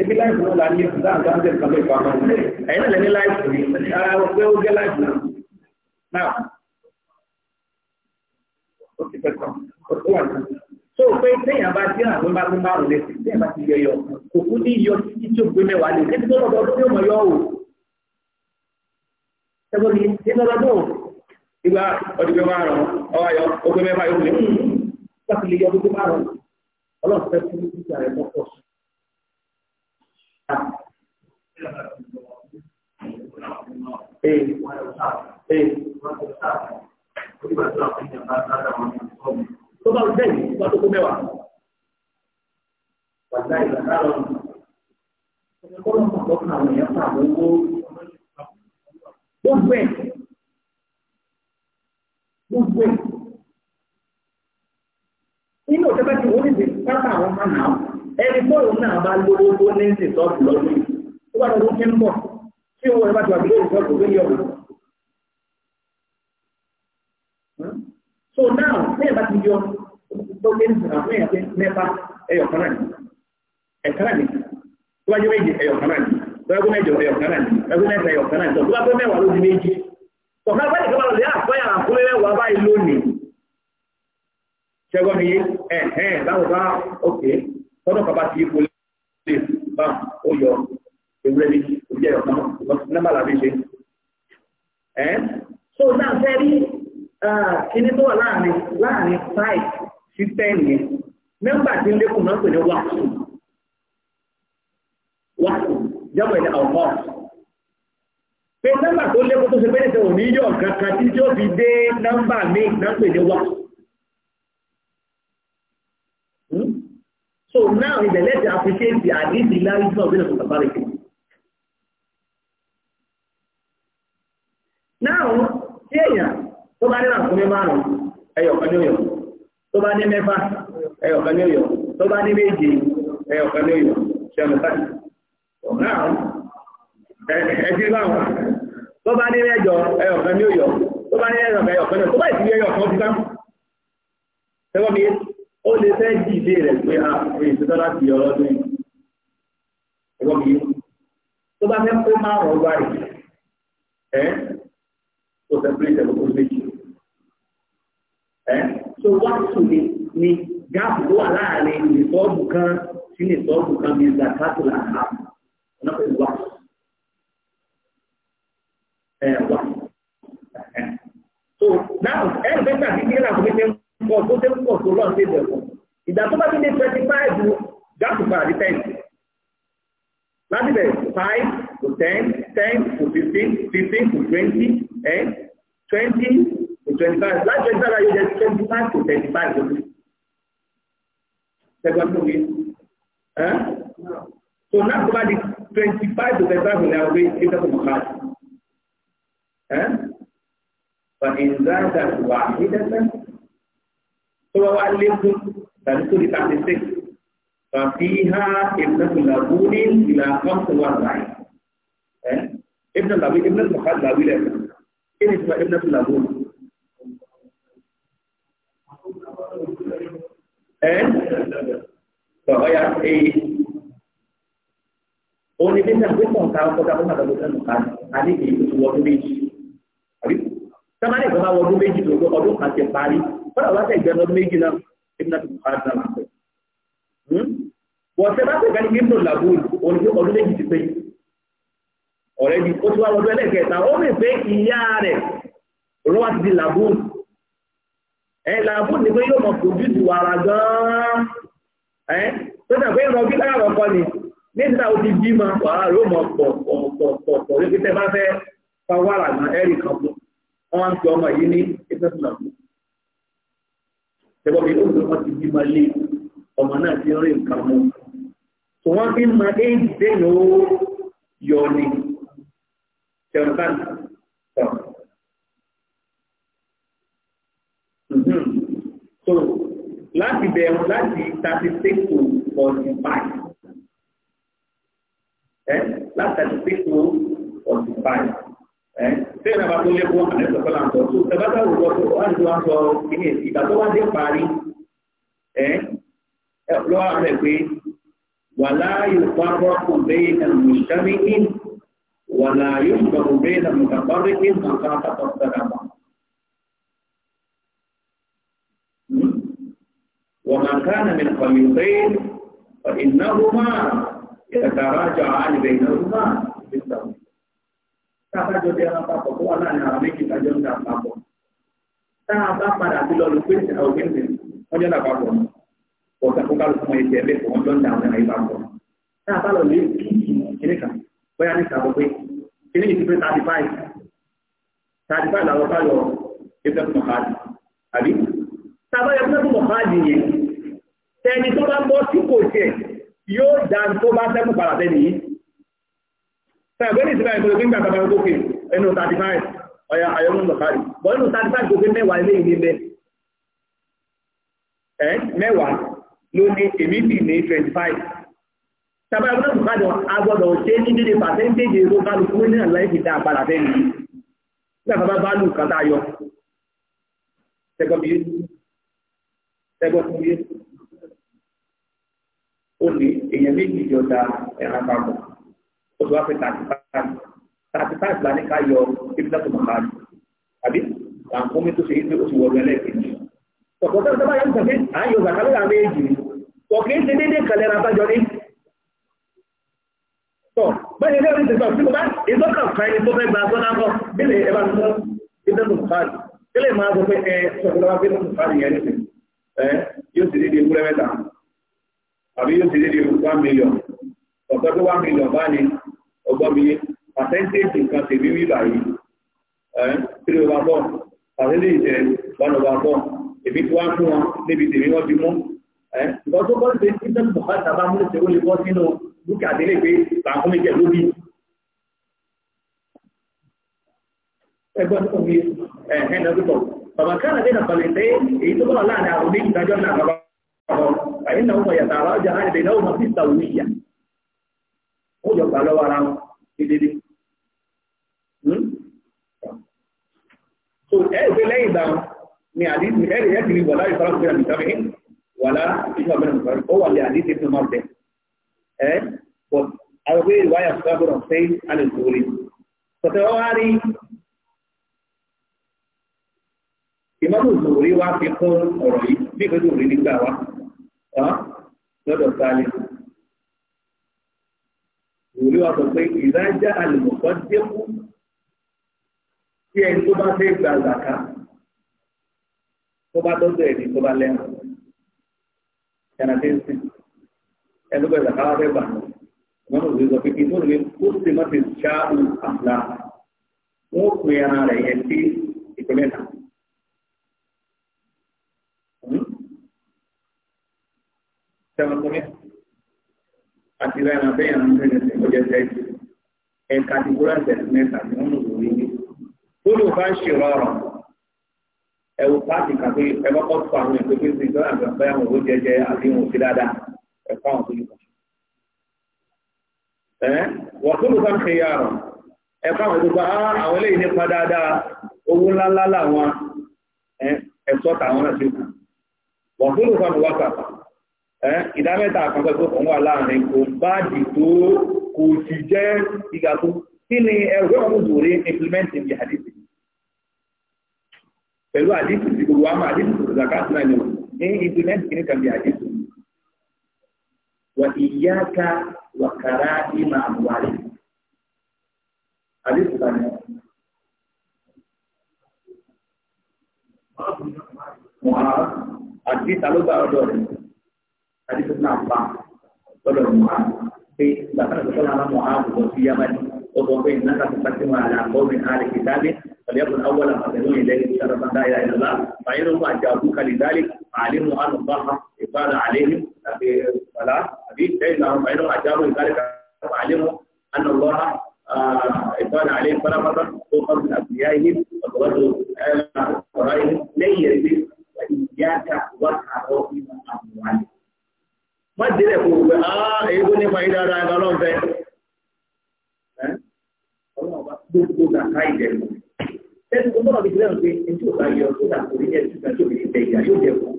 ebi láìpù náà la ní ìfúnná àti àti ẹ̀ka mẹ́fà máa ń bẹ̀ ẹ̀yin náà lè ní láìpù yìí ara wọn pé ó gé láìpù náà náà ó ti pẹ́ kàn ó tó wà ní. tó o pé téèyàn bá dín àwọn bá tún márùn lé téèyàn bá ti yọ yọ kò kú ní yọ títí tí ó gbé mẹ́wàá lé kí tó lọ́dọ̀ tí ó mọ̀ yọ o. ẹgbẹ́ mi kí ló lọ́dọ̀ ìgbà ọdún mẹ́wàá rọ̀ ọ ọlọ́run fẹ́ fún dúkìá rẹ̀ lọ́pọ̀ sí. tó bá bẹ́ẹ̀ ní wọ́n tó kó mẹ́wàá. wàlá ìgbàlá lọ. ọlọ́run kò lọ́kàn àwọn èèyàn fún àwọn owó. gbogbo ẹ̀ gbogbo ẹ̀ nínú òṣèpẹ́ tí wọ́n nìdí pátá àwọn máa ẹni bọ́ọ̀lù náà bá lówó tó ní ìsìn sọ́ọ̀tù lọ́dún tó bá tó yẹ ọ̀nà. so now ní ẹ̀bá ti yọ tó lé ní àwọn èèyàn pé mẹ́fà ẹyọ kan náà ni ẹ̀kan náà ni tó bá jẹ́ méjì ẹyọ kan náà ni tó bá gbé mẹ́jọ ẹyọ kan náà ni tó bá gbé mẹ́ta ẹyọ kan náà ni tó bá gbé mẹ́wàá ṣẹ́gbọ́n mi ẹ̀ ẹ̀ láwọn bá òkè tọ́nà bàbá ti ipò lè bá ó yọ ewúrẹ́ mi ó jẹ́ ọ̀kan nọ́mbà làbí ṣe. ẹ̀ so náà fẹ́ rí kíní tó wà láàrin láàrin five sí ten yẹn mẹ́mbà tí ń lékún náà pè ní wàásù wàásù jẹ́mọ̀ ilẹ̀ àwọn pé nọ́mbà tó lékún tó ṣe pé nìkan ò ní yọ̀ kankan tí yóò fi dé nọ́mbà míì náà pè ní wàásù. So now in the letter appreciates the additionality of the comparison. Now, tí èèyàn tó bá ní àkúnmí márùn-ún ẹyọ̀kan ní ọ̀yọ̀, tó bá ní mẹ́fà ẹyọ̀kan ní ọ̀yọ̀, tó bá ní méje ẹyọ̀kan ní ọ̀yọ̀, ṣe ọ̀nà sáà. Now, ẹ̀ẹ́dì báwọn, tó bá ní mẹ́jọ ẹyọ̀kan ní ọ̀yọ̀, tó bá ní ẹyọ̀kan ẹyọ̀kan ní ọ̀yọ̀, tó bá ìsìnkú ẹyọ̀kan ti bá. Ṣé wọ́n mi ó lè fẹ́ jí ilé rẹ̀ pé a ah, fi ìtọ́tọ́ láti ọlọ́dún ẹgbọ́n mi tó bá fẹ́ kó márùn ún báyìí ẹ́ tó fẹ́ pílẹ̀ ìtẹ̀lú kó méjì ẹ́ tó wá tù ní ní gáàpù tó wà láàrin ìsọ́ọ̀bù kan sí ìsọ́ọ̀bù kan bíi zakato làhà ọ̀nà pé wà ẹ̀ wà ẹ̀ tó náà ẹ̀ ń bẹ́ẹ̀ gbà sí kí ní àkókò pọ̀ tó tẹ́ pọ̀ tó lọ́n tẹ́lẹ̀ fún ìgbà tó bá ti dé twenty five gáàsì padà dé láti bẹ̀rẹ̀ five to ten ten to fifteen fifteen to twenty eh twenty to twenty five láti twenty five yóò jẹ twenty five to thirty five lórí ṣẹ́gun tó yẹ ẹ́ eh? so náà tó bá di twenty five to thirty five lórí àwọn ọgbẹ́ ẹgbẹ́ tó mọ̀ káàdì but eh? in that that one, ní doesn't tó wá wá lékún tàbí tó di thirty six tàbí ha ìbùdókòó làbú ní ìlà kan tó wà láì ẹ ìbùdókòó làbú ìbùdókòó làbú làbú lẹ́nu kí ni ìtumọ̀ ìbùdókòó làbú. ẹ tọ̀ọ̀ ya ee òun ni bí sàgbé kọ̀ǹkà ọkọ̀dà ó màdàgbé sẹ́nu ká àní kì í wọ́n méjì tàbí sábà kọ́nà wá tẹ̀ ìgbẹ́nu ọdún méjì náà ibi náà ti kọ́ ara náà pẹ̀. Hmm? wọ́n ṣe bá tẹ̀ ìgbẹ́nu kí n tó làbú ọdún méjì ti pé ọ̀rẹ́ ni ó ti wá ọdún ẹlẹ́kẹta ó rìn pé ìyá rẹ̀ olówó ti di làbú ẹ làbú ni pé yóò mọ̀ kó ojú ti wàrà gan-an ẹ tó dà pé ìrọ̀bí lára ọkọ ni nígbà ó ti bí ma wàrà yóò mọ̀ pọ̀ pọ̀ pọ̀ bá fẹ́ fáwárà náà ẹ̀rì kan fún wọn ti ọmọ yìí ní ìfẹ́sùn làbú ẹgbọ́n mi lóòótọ́ wọn ti bí máa lé ọmọ náà ti rí nǹkan mọ́ tó wọ́n fi máa dé ìdéyìn ó yọ ni ṣẹ̀ǹkan tọ̀. Mhm. so láti bẹ̀rù láti thirty six to forty five ẹ eh? láti thirty six to forty five. tí ìrìn àbá tó lékún àdẹ́sọ̀kọ́lá ń sọ tó tẹ́bátà òwúrọ̀ tó wá ní wọ́n sọ ìní ìgbà tó wá dé parí lọ́wọ́ rẹ̀ pé wà láàyò pápọ̀ kò bẹ́ẹ̀ nà mùsùlùmí in wà láàyò ìgbàgbọ́ bẹ́ẹ̀ nà mùsùlùmí in nà ká pàtó sára mọ́. وما كان من قميصين فإنهما يتراجعان بينهما بالتوحيد tábàjọ bí ẹran papọ̀ tó wà láàrin àwọn méjì tájọ ń dà papọ̀ tá a bá padà sí lọ lùpé ìsìn àwọn ògbéǹsì wọn jọ ń dà papọ̀ ọ̀sẹ̀ fún kálukú wọn ìṣẹ̀ ẹ̀bẹ̀ wọn jọ ń dà àwọn ẹ̀yìn papọ̀ tá a bá lọ lé kíkì kìnìkan bóyá ní ìsàbọ̀ pé kìnìkì ti pé thirty five thirty five làwọn bá lọ ẹgbẹ́ fún ọ̀hádì àbí tábà yẹ fún ọ̀hádì yẹn tẹni tó bá bọ́ Ṣẹ̀gbẹ́ni ìsinmi àìsàn òfin gbà bàbá gòkè ẹnu 35 ọya àyọ̀mú lọ̀kárì. Bọ̀ ẹnu 35 gòkè mẹ́wàá ilé ìní bẹ́. Ẹ mẹ́wàá ló ní èmi sì ní 25. Ṣàbá ẹgbẹ́ náà bàjọ́ agbọ́dọ̀ ṣe ní dédé pàṣẹ́ntéèjì èrò kálukú ní àlá ìfìdá àpàlà fẹ́ni. Nígbà bàbá bá lù kàtà yọ. Ṣẹ̀gbọ́n mi ṣẹ̀gbọ́n mi ó ní èèyàn méjì jọ ó ti wá pé thirty five thirty five la ní ká itu ibùdó tó máa rí àbí àǹkómi tó ṣe é pé ó ti wọlé ẹlẹ́ẹ̀kejì ọ̀pọ̀ tó ń sábà yẹn ń sọ̀kẹ́ à ń yọ zàkálẹ̀ àwọn èjì ọ̀kẹ́ ṣe déédéé kalẹ̀ ra bájọ ní. tọ́ bẹ́ẹ̀ ni ẹgbẹ́ ìṣẹ̀tọ̀ tí mo bá ìtọ́ka kan ẹni tó fẹ́ gba sọ́nà kọ́ bílẹ̀ ẹ bá ń mú ibùdó tó máa rí kílẹ̀ máa sọ pé ẹ sọ̀kọ́lọ́wà ibùdó tó máa rí yẹn nìyẹn ẹ yóò ti déédéé kúrẹ́ mẹ́ta àbí yóò million ọ̀pọ̀ tó one million bá ní ọgbọ́n mi yé pàṣẹ́ntéèjì nǹkan tèmi wí báyìí ẹ̀ tírí ọba bọ́ pàṣẹ́ntéèjì tẹ̀ lọ́nà ọba bọ́ èmi tó wá fún wọn níbi tèmi wọ́n ti mú ẹ̀ ìgbọ́n tó bọ́ sí pé títí bùkà tàbá mú ṣe ó lè bọ́ sínú dúkìá délé pé làǹkó mi jẹ lóbi. ẹgbọ́n tó fi ẹ̀ ẹ̀ lọ sọ bàbá kára dé nàbàlẹ̀ pé èyí tó bọ̀ láàrin àwọn méjì tájọ́ náà bàbá ó jọ gbà lọ́wọ́ ara wọn dédédé. Hmm? so ẹ ṣe lẹ́yìn ìgbà ni àdìsí ẹ rẹ̀ ti rí wàlá ìfara fún ìrìnàmì sábẹ́ wàlá ìfara fún ìrìnàmì ó wà lẹ́ àdìsí fún ọmọ ọ̀bẹ. ẹ bọ̀ àwọn ìwé ìwáyà fún ọgbọ̀n ṣe á lè sọ̀rọ̀ sọ̀tẹ̀ wọ́n wá rí ìmọ̀mù ìṣòwòrí wá fi kún ọ̀rọ̀ yìí bí ìfẹ́ ìṣòwòrí nígbà wa lọ́dọ̀ sálẹ̀ wòlé wa sọ pé ìrajà àlùmọ̀kọ́ dẹ́kun tí ẹni tó bá fẹ́ gba zaka tó bá dọ́dọ̀ ẹni tó bá lẹ́nu kẹnàdé sí ẹni tó bá zaka wá fẹ́ gbà wọn ò lè sọ pé inú rẹ ó sì má ti ṣá àfúlà wọn ò pè ara rẹ yẹn sí ìpínlẹ̀ náà. Tẹ́wọ̀n tó ní. a lẹ́yìn abẹ́yẹn ń bẹ̀rẹ̀ ndị ọjọ́ tẹ́jú ẹ̀ka ti kúrò ẹ̀sẹ̀ mẹ́ta ni wọ́n lò lórí yìí. tó lò bá ń ṣe rọrùn ẹ̀wù pàtì kàfé ẹ̀kọ́kọ́ ìdámẹ́ta àkànṣẹ́ tó kàn wà láàrin kò bá dì tó kò sì jẹ́ ìgbà tó kí ni ẹ̀rọ pé ọmọ òṣèré implementing the hadith pẹ̀lú hadith ti gbogbo àmà hadith tó zakat náà ni ní implement kìíní kan bí hadith wà ìyáka wà kàrá ìmà àwárí hadith tó ní Mọ̀hárá àti ìtàlógbà ọ̀dọ́ rẹ̀. حديث ابن عباس قال معاذ في لقد دخل على معاذ وفي يمن وضوء انك تقدم على قوم اهل كتاب فليكن اولا ما تدعو اليه شرفا لا اله الا الله فانهم اجابوك لذلك علموا ان الله قال عليهم فلا حديث لهم فانهم اجابوا لذلك فعلموا ان الله قال آه، عليهم فلا مرة تؤخذ من ابنيائهم وترد آه، قرائهم لن يرد واياك وتعرفهم اموالهم má délẹ̀ kò gbẹ áá ah, èyí tó nípa yìí dáadáa ẹ̀ka ọlọ́run fẹ́ ọlọ́run bá gbogbo nàka ìjẹ̀ mọ́ ẹ̀sùn tó bọ́lá bìtìlẹ̀ ń pé etí ò bá yọ tó dà kò ní ẹ̀sùn tó bìtì tẹ̀ ìyá yóò jẹ̀ kọ́.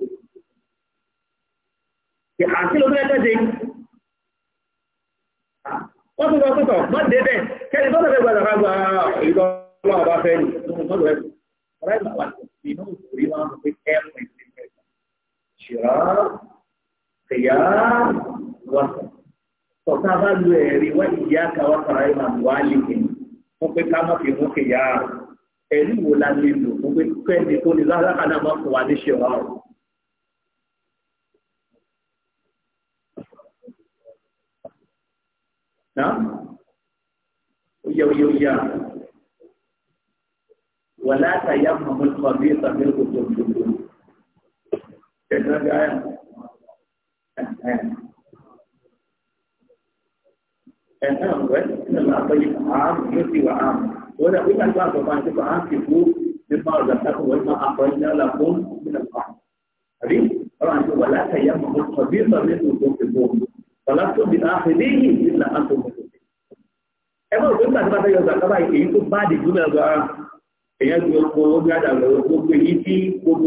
àti ló fẹ́ tẹ́sí wọ́n tún lọ sọ́tọ̀ má débẹ̀ kẹ́ni tó tẹ̀lé gbàdàgbà gba ìtọ́ ọlọ́run bá fẹ́ ni ọ̀rẹ́ ìgbà wà qiyam wasa tọ́ta bá lu ẹ̀rí wá ìyá ka wá fara ẹ̀ máa wá lè kí wọ́n pé ká má fi mú kìyà ẹ̀rí wo la lè lò wọ́n pé kẹ́ni tó ní lálákàdá máa fún wa níṣẹ́ wa o. Nà ó yẹ oyè oyè à wọ́n láta yá mọ̀mọ́ ìkọ̀bí ìsàmì ìkòtò ìdòdò. Ẹ̀dá bí a yà ẹ̀hẹ́n ọ̀rẹ́ nínú àpẹẹrẹ ààrùn yóò sì wà ààrùn wọ́n dà wípé àgbà àgbà máa ń tẹ́kọ̀ọ́ ààrùn kìkú nípa ọ̀dà sáfù wọ́n máa àpẹẹrẹ ní ọ̀là fún nínú àpá. àbí ọ̀rọ̀ àti wà látàyà mọ̀ ọ̀bí ìsọ̀rọ̀ ètò òkú kìkú ọ̀là tó bí náà fi léyìn ìlà àtò mọ̀tò. ẹ bá òfin gbàgbà bá yọ gbàgbà báyìí èyí tó bá dìbò lọ́gbà èyàn ti ọkọ̀ ogun àdàlọ́ gbogbo èyí tí gbogbo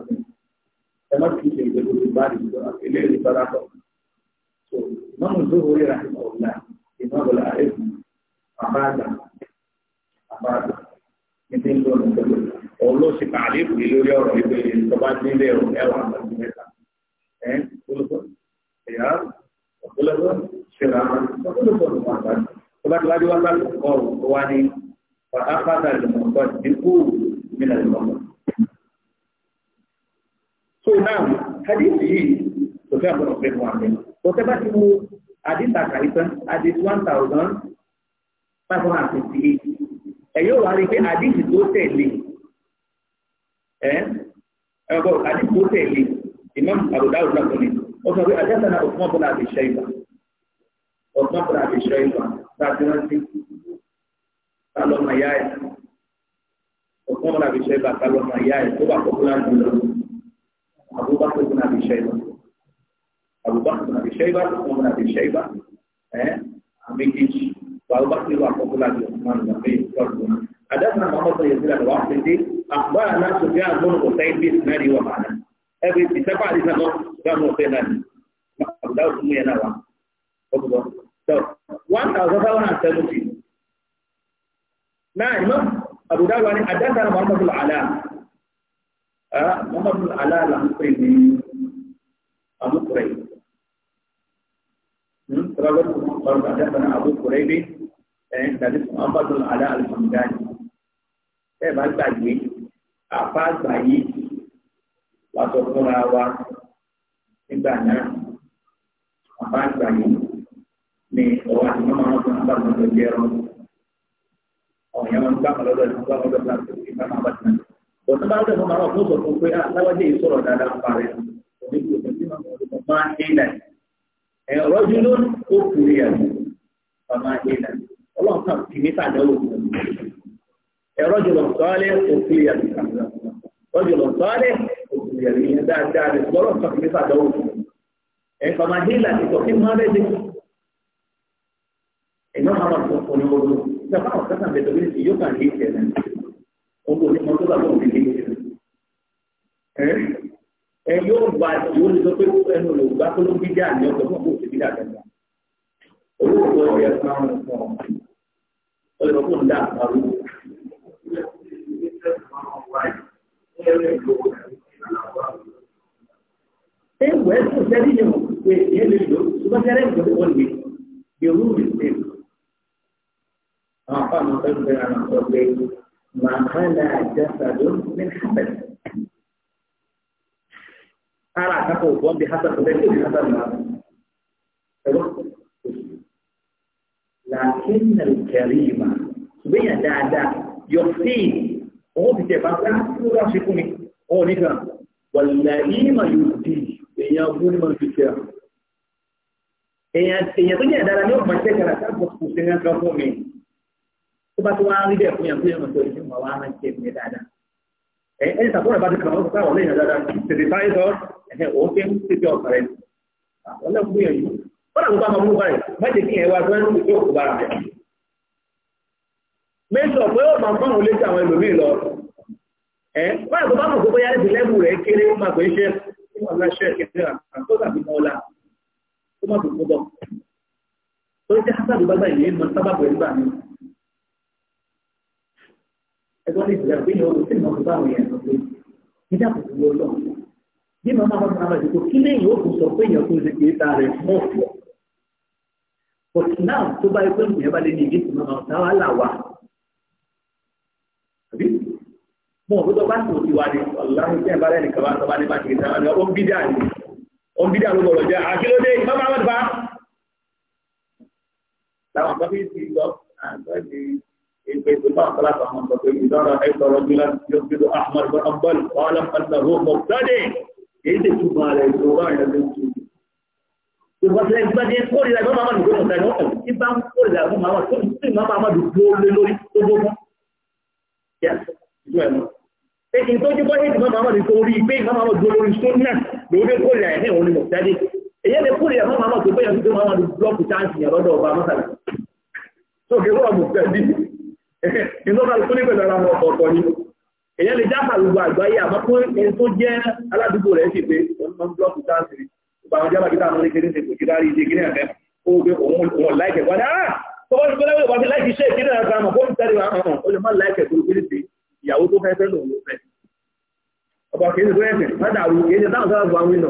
تمكن من جلود البارد إليه البراءة إمام الزهري رحمه الله إمام العارف أبادا أبادا nítorí tó ń tẹ̀lé òun ló ṣe tààlífù yìí lórí ọ̀rọ̀ ìgbé ìjọba nílé ẹ̀rọ ẹ̀rọ àgbàdo mẹ́ta ẹ̀ gbólóbó ẹ̀yà gbólóbó ṣẹlẹ̀ àwọn gbólóbó ló máa bá tó bá tíwájú wá bá tó kọ́ ọ̀rọ̀ tó wá ní pàtàkì àgbàdo mọ̀ọ́kọ́ dínkù nílẹ̀ ìmọ̀ọ́kọ́ so now hadith yìí kò fẹ́ ọ̀pọ̀lọpọ̀ fẹ́ fún wa mẹ́rin kò tẹ́ bá ti wo hadith àkàrí tán hadith one thousand five hundred and fifty eight ẹ̀yọ́ wà á rí i pé hadith tó tẹ̀lé ẹ̀ ẹ̀ bọ̀ hadith tó tẹ̀lé imam abudawo lọ́kọ̀ ni ó sọ pé àjẹsà náà òfin ọ̀bọ̀lá àti ṣẹ́yìnbá ọ̀fun ọ̀bọ̀lá àti ṣẹ́yìnbá láti rántí ta lọ́mọ ìyá ẹ̀ òfin ọ̀bọ̀lá àti ṣẹ́yìnbá ta lọ́mọ ìyá ẹ̀ tó bá kọ́kọ́ láti lọ́mọ. أبو بكر بن أبي شيبة أبو بكر بن أبي شيبة عثمان بن أبي شيبة بكيش إيه؟ وأبو بكر وعقوب أبو عثمان بن أبي فرد حدثنا محمد بن يزيد أخبار الناس جاء بن حسين بإسناد ومعنا أبي بسبع لسنة كانوا حسينان أبو داود بن ينوى وأنت أظهرنا التنوشي نعم أبو داود نعم، حدثنا محمد بن Muhammadu ah, aláàlá ń pè ní àbúkùrẹ́ yìí. Tọ́lábẹ́rẹ́ fún ọ̀rọ̀ àdáfẹ́rẹ́ àbúkùrẹ́ bí ẹ̀ ń tàbí fún Muhammadu aláàlá ń dá yìí. Ẹ bá gbàgbé, àpá àgbà yìí wà sọ fúnra wa nígbà náà. Àpá àgbà yìí ni ọ̀rọ̀ àti mọ́mọ́ wọn fún Muhammadu jẹ́ ọ̀rọ̀. Ọ̀yẹ́ wọn gbàgbọ́ lọ́dọ̀ ìfúnpá ọ̀nà bá dẹ̀ mọ́ àwọn ọ̀pọ̀ sọ̀tún pé aláwájẹ́ ah, yìí sọ̀rọ̀ dáadáa parí onígbò tẹ̀sí máa ń máa ń dé ẹ̀ rọ́jú ló ń kó kiri ẹ̀ máa ń dé ọlọ́run kan kì í níta àdáwò ẹ̀ rọ́jú lọ sọ́ọ́lẹ̀ òkiri ẹ̀ rọ́jú lọ sọ́ọ́lẹ̀ òkiri ẹ̀ yẹn dáadáa rẹ̀ ọlọ́run kan kì í níta àdáwò ẹ̀ fàmà dé ìlànà ìtọ́kí máa rẹ̀ dé ẹ̀ náà máa wà fún gbogbo onímọ̀ tó bá tó òbí lé ẹ ẹ yóò gba yóò lè sọ pé ẹnu rẹ̀ ògbà tó ló bí dá àmì ọ̀sẹ̀ fún òbí bí dá àtẹ̀gbà owó òkú ọ̀rẹ́ máa ń fọ̀ ọ lè fún dá àpárò. Ṣé ìwé ẹ̀sùn sẹ́ni ni mo pè é lè lò ṣùgbọ́n sẹ́rẹ́ ìjọba wọn ni the rule is safe. Àwọn afáàmù ọ̀sẹ̀ ń bẹ̀rẹ̀ àwọn ọ̀sẹ̀ ما خلا جسد من حبل أرى تقول بوم بحسب خبير بحسب ما لكن الكريمة سبيا دا دا يفتي هو في تفاصيل سورة شكوني هو نكا والذي ما يفتي يقول من في èèyàn tó ní ẹ̀dára ní ọ̀pọ̀ ìṣẹ́ kẹrẹ sáàpọ̀ kù sí ní tó bá tó wá rí bẹ́ẹ̀ fún yàn fún yàn mọ̀tò ìṣẹ́ wọn wá máa ṣe ìpínlẹ̀ dáadáa. ẹ ẹ ṣàkóso ìbá ti kàn wọ́n sọ́kà wọ́n lè yàn dáadáa tètè sáré sọ ẹ̀hẹ́ òun fi ń tètè ọ̀sán rẹ̀ àwọn lẹ́kùn gbìyànjú wọ́n làwọn bá máa mú báyìí mẹ́tẹ̀ kí ẹ wá sọ ẹnu ìṣe òkú bára rẹ̀. mẹ́sọ̀ pé ó máa fáwọn létí àwọn ẹlòmíì lọ ẹ wọ́n àgbà bá mọ̀ pé bóyá ti lẹ́bù rẹ̀ kéré ó máa pè é ṣe é wọ́n láṣẹ ìṣẹ́ àtọ́sà fi mọ́ ọ́lá ó má fi kú bọ̀. tó ń jẹ́ hásáàbù bá gbà ìyẹn mọ sábàbù ẹ̀ ẹgbẹ́ ti ìjìyà pé yóò sì máa bá àwọn èèyàn lọ pé nígbà tó ti wọ́n lọ. bí màmá bá máa dìbò kí lè yóò kó sọ pé èèyàn tó ṣe kì í ta rẹ̀ mọ́ ọ̀fọ̀. but now tó bá yẹ pé èèyàn bá lè ní ìdíkùn náà ọ̀tá wa là wà. mo ò gbọ́dọ̀ bá tó ti wá ní ọ̀làhùn tí ẹ̀ bá rẹ̀ nìkan bá sọ bá ní bá kì í ta wọn ó ń bídà ní ó ń bídà ló bọ̀rọ̀ jẹ́ àkílódé ìmọ̀ في سماع ثلاثة من تطيب إذا رأيت رجلا يسجد أحمر فأقبل واعلم أنه مبتدئ إذا تشوف على الزوار لازم تشوف Ìwọ́n ti lẹ́gbẹ́ ní kó ìlà ìgbọ́n máa dùgbò ọ̀tà ìwọ́n ọ̀tà tí bá ń kó ìlà ìgbọ́n máa wà tó sì máa máa dùgbò lé lórí tó bó fún. Èyí tó jí bọ́ èyí máa máa dùgbò orí pé máa máa dùgbò lórí tó náà lórí kó ìlà ẹ̀hìn òun ni mọ̀ jáde. Èyí lè kó ìlà máa máa tó bẹ́yà tó máa máa dùgbò lọ́kùtà ìyàrọ́dọ̀ ọba mọ́sàlá. Tó kẹ́ <laughs> ìtọ́kàlù tó ní pẹ̀lú ara wọn ọ̀tọ̀ọ̀tọ̀ ni èyàn lè jáfà gbogbo àgbáyé àmọ́ fún ẹni tó jẹ́ aládùúgbò rẹ̀ sì pé wọ́n ń blọ́ọ̀kù táàsìrì gbogbo àwọn jábà kíta àwọn oníkèrè ṣe kò sí dárí ìṣe kíní ẹ̀fẹ́ ó gbé òun wọn láìkẹ̀ wọ́n dáa ah! tọ́wọ́ ti pẹ́lẹ́ wọ́n ti láìkì iṣẹ́ ìkíní ẹ̀fẹ́ àmọ́ kó ń tẹ́lẹ̀ wọn hàn ah, ah, ó lè má láìkẹ̀ tó kéré sí ìyàwó tó fẹ́ fẹ́ lòun ló fẹ́ ọ̀pọ̀ kì í ṣe fẹ́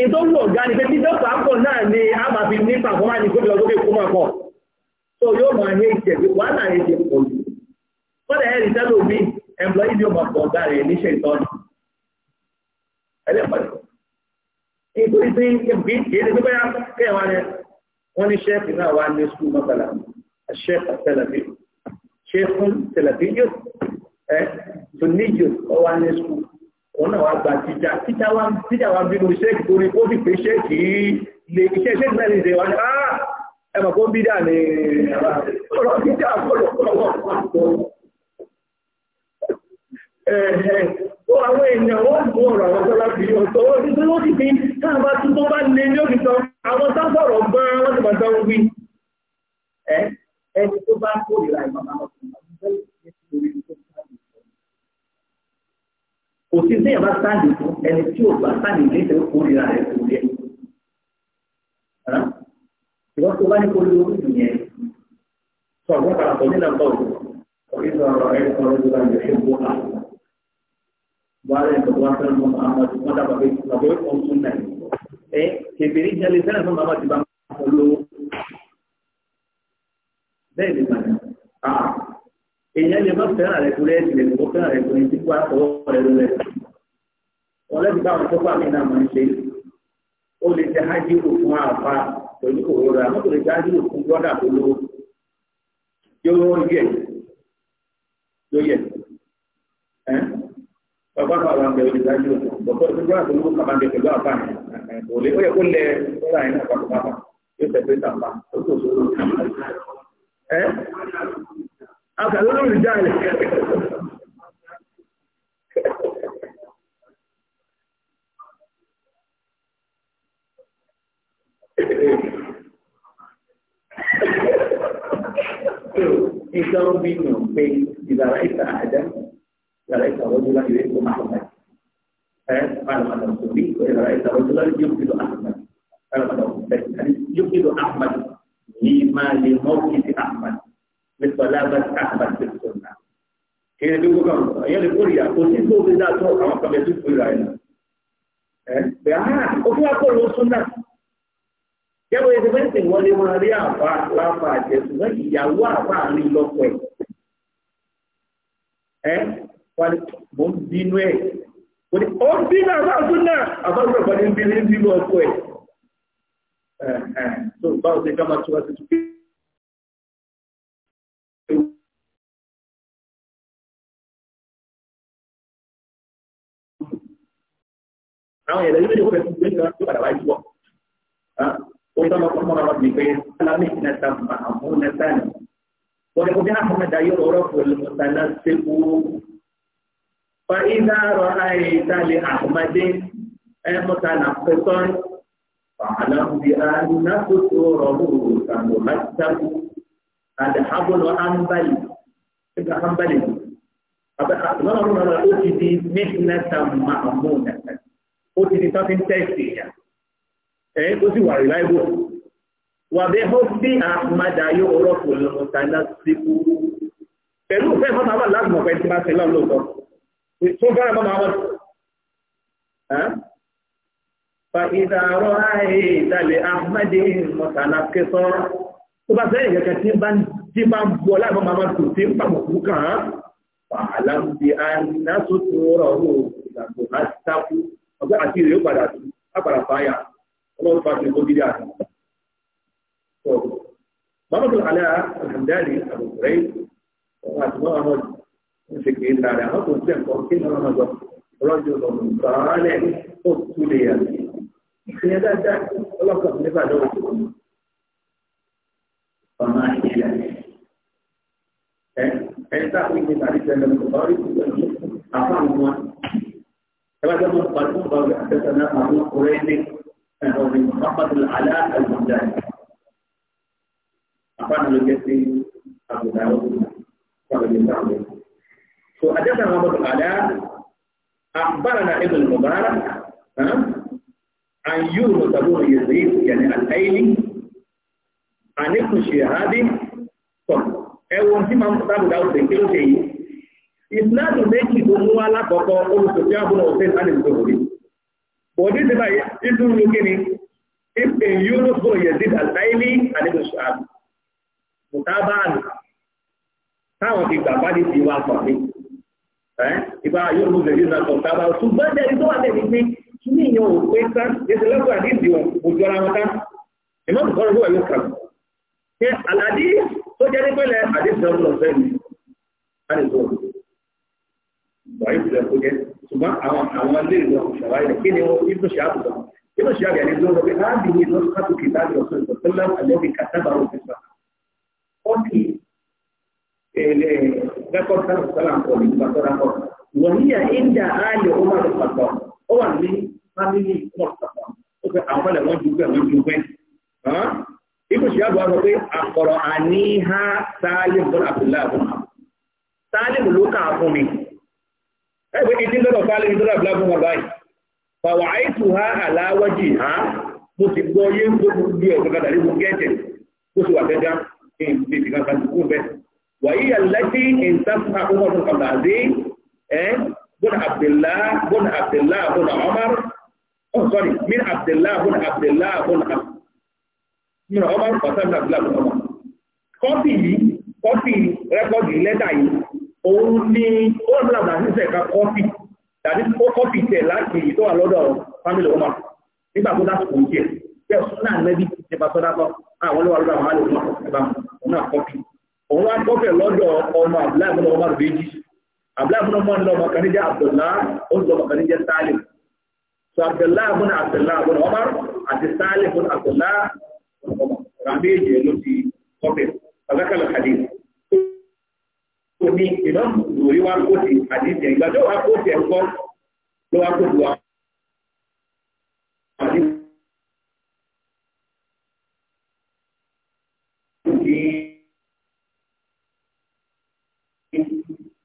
ètò wù ọ̀gá ni pé tí dọ́kítà pọ̀ náà ni a máa fi ní pàpọ̀ máa ní kó lọ sókè kó máa pọ̀ tó yóò máa ní ìjẹ̀ pé wàá náà ìjẹ̀ pọ̀ jù kọ́dà ẹ̀rì sẹ́lò bí ẹ̀mplọ́yì ni ó máa pọ̀ ọ̀gá rẹ̀ níṣẹ́ ìtọ́jú ẹlẹ́pàdé nítorí pé kébí kéde pé báyà kéèyàn wá ní wọ́n ní sẹ́ẹ̀fì náà wá ní sùkúl mọ́kànlá sẹ́ẹ̀fì òun náà wá gba tíjà tíjà wá tíjà wá bínú ṣéèkì torí ó sì pé ṣéèkì lè iṣẹ́ ṣéèkì náà lè ṣe wá ní ah, ẹ mọ̀ kó ń bídà ní ọ̀rọ̀ tíjà kọlọ̀ kọlọ̀ ó àwọn èèyàn ó ń bọ́ ọ̀rọ̀ àwọn tọ́lá fi ọ̀tọ̀ ó ti tó ó sì fi táà bá tún tó bá lè ní òbí sọ àwọn sáfọ̀rọ̀ gan-an wọ́n ti máa sọ wí ẹni tó bá kórìíra ìmọ̀ àwọn ọ̀sán òsì tí ìyàbá sáàdì fún ẹni tí ò bá sáàdì ní ìṣẹ̀lẹ̀ kórìíra rẹ̀ kò yẹ. ìwọ́n tó bá ní kórìí orí ìlú yẹn sọ ọ̀gbọ́n kan àtọ̀ nílẹ̀ ńkọ́ òkú orí sọ̀rọ̀ ẹ̀ sọ̀rọ̀ ìjọba ìjọ ṣe kó a. buhari ẹ̀kọ́ wá fẹ́ràn fún amadu wọn dábàá pé bàbá ó kàn sún náà. ẹ kẹfìrí jẹlẹ fẹ́ràn fún bàbá ti bá ń kọ́ lówó. bẹ́ẹ̀ ni bàbá èèyàn lè má fẹ́ràn rẹ̀ kúrẹ́ ìsìlẹ̀ tó fẹ́ràn rẹ̀ kúrẹ́ tí wàá fọwọ́ rẹ̀ lọ́lẹ̀. ọlọ́dì báwọn tó pàmì náà máa ń ṣe ó lè jẹ ájú òfin àfa pẹ̀lú òwúrọ̀ àmọ́ kò lè jẹ ájú òfin gbọ́dà tó lówó yóò yẹ yóò yẹ ẹ́ bàbá bàbá àwọn àgbẹ̀ olùdíje ájú òfin bọ̀tọ̀ tó gbọ́dà tó lówó bàbá àgbẹ̀ pẹ̀lú àfa kò lè ó yẹ kó lẹ ọ̀rọ̀ àyìn náà pàtó akàlọ́lọ́ ìjà rẹ̀ ìkan bí mi ò pé ìdára ìta àjá ìdára ìta ọjọ́ láti rẹ̀ kó máa wà ẹ́ alàmàdà òbí ìdára ìta ọjọ́ láti yóò fi lọ Ahmad alàmàdà òbí yóò fi lọ Ahmad ní máa lè mọ́ kí ti Ahmad بالصلابة أحمد في السنة هي بيقولوا يعني كوريا وسيبوا بذاته أما كم يسيب كوريا هنا بها وفي أقول السنة yàwó ẹsẹ bẹ́ẹ̀ sì wọlé wọn rí àfa láfa àjẹsùn náà ìyàwó àfa àrí lọkọ ẹ ẹ wọn mò ń bínú ẹ wọn ni ó ń bínú àfa àtún náà àfa àtún náà wọn ni ń bínú ọkọ ẹ ẹ ẹ tó àwọn ẹ̀rẹ́ yóò fẹ́ fún gbẹ́gbẹ́ tó padà wáyé wọ̀. ó tọ́lọ fún mọ́ra wọn wípé alámi nẹta màmú nẹta ni. wọ́n ní kò bí àfọmọ́ da yóò rọrọ́ fún olùmọ̀tàlá ṣẹ́kù. fa iná rọ ayé ìtàlẹ̀ àfọmọdé ẹ̀ mọ́tàlá pẹ̀tọ́ fàlàǹdì ànákòtò rọ̀mù òkàndò mẹ́tàkù àdàhábọ̀lọ̀ àǹbálì. ṣẹ́gbà àǹbálì. àbẹ̀ àtúnwọ̀n rọ̀rọ̀ ó ti di mẹ́tàlá màmú nẹta. ó ti di tán fi ń tẹ́sì èèyàn ẹ̀ tó sì wà rìláìbò wà bẹ́ẹ̀ ó bí àmàdà yóò rọ́pò lọ́wọ́ tàná sí kú pẹ̀lú ìfẹ́ fọ́nà wà láti mọ̀pẹ́ tí máa ṣe lọ́wọ́ lóòótọ́ tó fẹ́ràn mọ́mọ́ àwọn fàìdà ọ̀rọ̀ ààyè ìdàlẹ̀ ahmadi mọ̀tànà kẹsọ́ tó bá sẹ́yìn kẹ̀kẹ́ tí bá ń tí bá ń bọ́ tó ti ń pàmùkù kàn án fàlàǹdì àìnásòtò rọ̀ ó ìgbàgbọ́ ọjọ́ àti ìrè ó padà sí àpàdà fáyà ọlọ́run fàájì ó dídí àti. محمد العلاء الحمداني أبو كريم وأسماء أحمد شكرين تعالى ما كنت أقول كل ما نظر رجل صالح قتل يا ده ده الله كفني بعد فما هي أنت أخوي من علي سلم البخاري أفهم فبدأ مقدم قال حدثنا أبو قريب أو محمد العلاء الهمداني أخوانا لجسي أبو داود قال لي فحدثنا محمد العلاء أخبرنا ابن المبارك عن يونس بن يزيد يعني الأيلي عن ابن شهاب طب أول ما أبو داود ذكره ìsìláàmù méjì tó mú wá lákọ̀ọ́kọ́ olùsòfin àbúrò ọ̀sẹ̀ ìsàlẹ̀ ìtòwòrí bọ̀dé ti báyìí títún ní kíni ìpín yúròpù bọ̀ yẹ̀zid àtàìlì àdébòsù àbù mùtábàánù táwọn ti gbà bádìí ti wá pọ̀ mí ìgbà yóò lè náà sọ tábà ṣùgbọ́n jẹ́rí tó wà lẹ́ni pé ní ìyàn ò pé tán ètò lọ́gbà ní ìdí òjò ara wọn tán ìmọ̀ tó kọ́rọ̀ yóò kàn ṣe àlàdí tó jẹ́ nípẹ́lẹ̀ àdéṣe ọ̀rọ̀ ni bàbá ìlú ẹ̀kọ́ jẹ́ ṣùgbọ́n àwọn àwọn ilé ìlú ọ̀hún ṣàwá ilẹ̀ kí ni wọ́n ibùdó ṣe àbùdá ibùdó ṣe àbùdá ni lọ́wọ́ pé láàbì ní ìlú kátó kìí láàbì ọ̀sán ìlú tẹ́lá àlẹ́bí kàtàbà òfin sà ó kì ẹ̀ẹ́dẹ̀ rẹ́kọ̀tà sọ́là ńkọ̀ ní ìgbà tọ́lá kọ̀ wọ́n ní ẹ̀ńdà ààyè ọmọ rẹ̀ pàtó ó wà ní fámìlì mọ̀ pàtó ó fẹ́ àwọn ọmọlẹ̀ wọn dùgbẹ́ wọn dùgbẹ́ ibùdó ṣe àbùdá sọ pé ló kà fún mi ẹgbẹ́ kí tíndọ́rọ̀ fálẹ̀ ìdọ́rọ̀ àbúlábùn wà báyìí fàwà àìtù ha àláwọ́jì ha mo sì gbọ́ yé ń gbogbo bí ọ̀gbọ́n kàdà ní gbogbo gẹ́ẹ̀tẹ̀ tó sì wà gẹ́gá ní ìbí kankan tó kún bẹ́ẹ̀ wàyí àlẹ́tí ìntàkùn oh sorry min àbdèlá bọ́n àbdèlá bọ́n ọmọr pàtàkì àbdèlá bọ́n ọmọr kọ́pì yìí kọ́pì rẹ́kọ́dì lẹ́tà yìí òun ní ọ̀rọ̀ àbàṣẹ́sẹ̀ ká kọ́fì tàbí ó kọ́fì tẹ̀ láti èyí tó wà lọ́dọ̀ family ọmọ nígbà tó dá sùkúrù jẹ bẹ́ẹ̀ súnà nẹ́bí nípa tó dákọ́ àwọn olówó lọ́dọ̀ àwọn àlè ọmọ ẹ̀bá òun náà kọ́fì òun wá kọ́fì lọ́dọ̀ ọmọ abúláàbùn ọmọ rèéjì abúláàbùn ọmọ ní ọmọ kan ní jẹ́ abdullá ó sì ọmọ kan ní jẹ́ so abdullá abun abdullá abun ọmọ àti sálẹ̀ abun abdullá ọmọ ràmẹ́jì ló ti kọ́fì ọ̀gákàlẹ̀ kàdé tó ní iná lórí wá kóòtì àdìsẹ̀ ìgbà tó wá kóòtì ẹ̀ ń kọ́ ló wá kóòtì wá.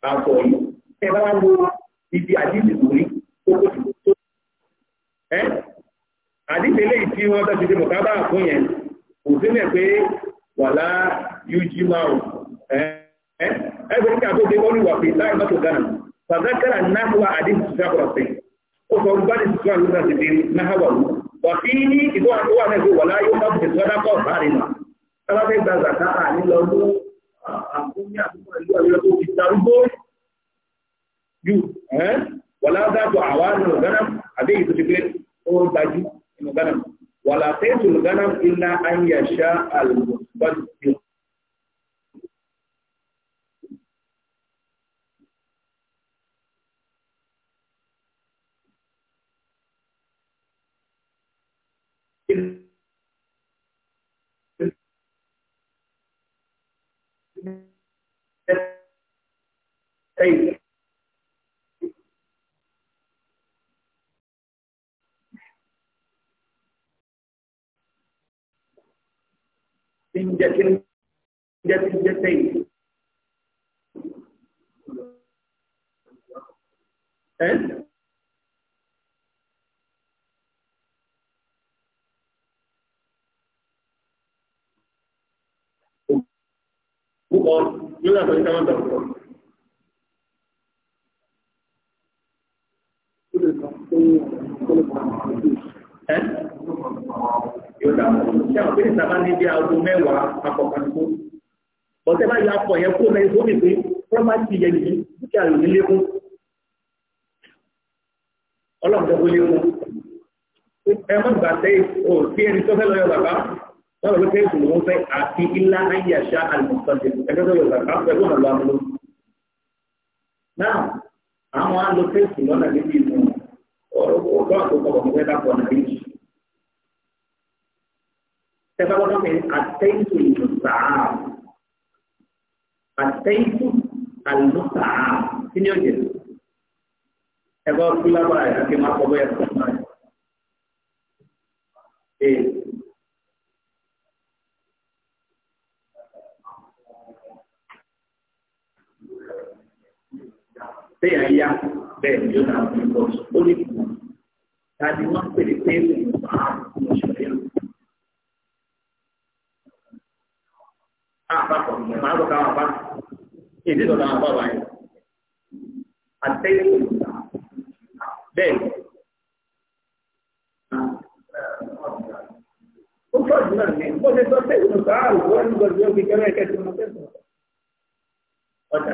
Àpọ̀ yìí, ẹ bá wá wo ibi àdìsẹ̀ lórí kókòtì tó. Ẹ́ àdìsẹ̀ lẹ́yìn tí wọ́n tọ́jú dé mọ̀kábà fún yẹn, kò sí mẹ́ pé wàlá ẹgbẹ́ nígbà tó dé wọ́n wà pé láì mọ́tò gánà fàdákàrà náà wà àdéhùn sí sáfọ̀ ọ̀sẹ̀ ó sọ gbá ní sísọ àlùkò láti dé náà wà wù wà sí ní ìgbọ́ àti wà náà wà láyé wọ́n ti sọ́dá pọ̀ báyìí mà tábà fẹ́ gba zàká àní lọ mú àkúnyà àkúkọ ìlú àyọ̀ tó ti darúgbó yù wà ládàtọ̀ ilá ayẹ̀ṣá àlùkò Hey. Tinjakin, tinjakin, tinjakin. Eh? púpọ̀ yóò yàtọ̀ ní káwọn tàbí pọ̀. Ẹ́ yóò dà mọ́. Ṣé àwọn pínlẹ̀ sábà ní bí aago mẹ́wàá àkọ́kọ́ ní kó? Bọ̀tẹ́ bá yọ akọ̀ yẹn kó mẹ́rin tó nìpé pọ́nmátì yẹn nìyí dúkìá rẹ̀ ní lékún. Ọlọ́run tó lékún. Ẹ mọ̀ gbà tẹ́ ò sí ẹni tó fẹ́ lọ yọ bàbá sọ́dọ̀ ló kéré tòun fẹ́ àti ilá ayé àṣà àlùmọ̀sọ̀dẹ̀ ẹgbẹ́ tó yọ kàkà pẹ̀lú ọ̀nà lọ́wọ́ ló. náà àwọn á lo kéèsì lọ́nà níbi ìmọ̀ ọ̀rọ̀ ọ̀dọ́ àtòkọ̀ ọ̀gbọ̀n fẹ́ dàpọ̀ nà bí. tẹ́fà lọ́dọ̀ mi àtẹ́yìntò ìmọ̀sàá àtẹ́yìntò àlùmọ̀sàá kí ni ó jẹ? ẹgbẹ́ ọ̀kúlábà téèyàn yá bẹ́ẹ̀ ni yóò náà fi bọ̀ ó ní kùmọ̀ tàbí wọ́n ń pèlè pé ìwọ̀n ààrùn kùmọ̀ ṣẹlẹ̀ lọ. àpapọ̀ màá lọ káwọn apá kí ìdílé ọ̀dọ̀ àwọn bàbá yẹn àtẹ́yìn bẹ́ẹ̀ ó tọ́jú náà ní bó ṣe sọ pé ìwọ̀n ààrùn wọn ń gbọ́dọ̀ yóò fi kẹ́rẹ́ kẹ́sì mọ́ kẹ́sì ọ̀dà.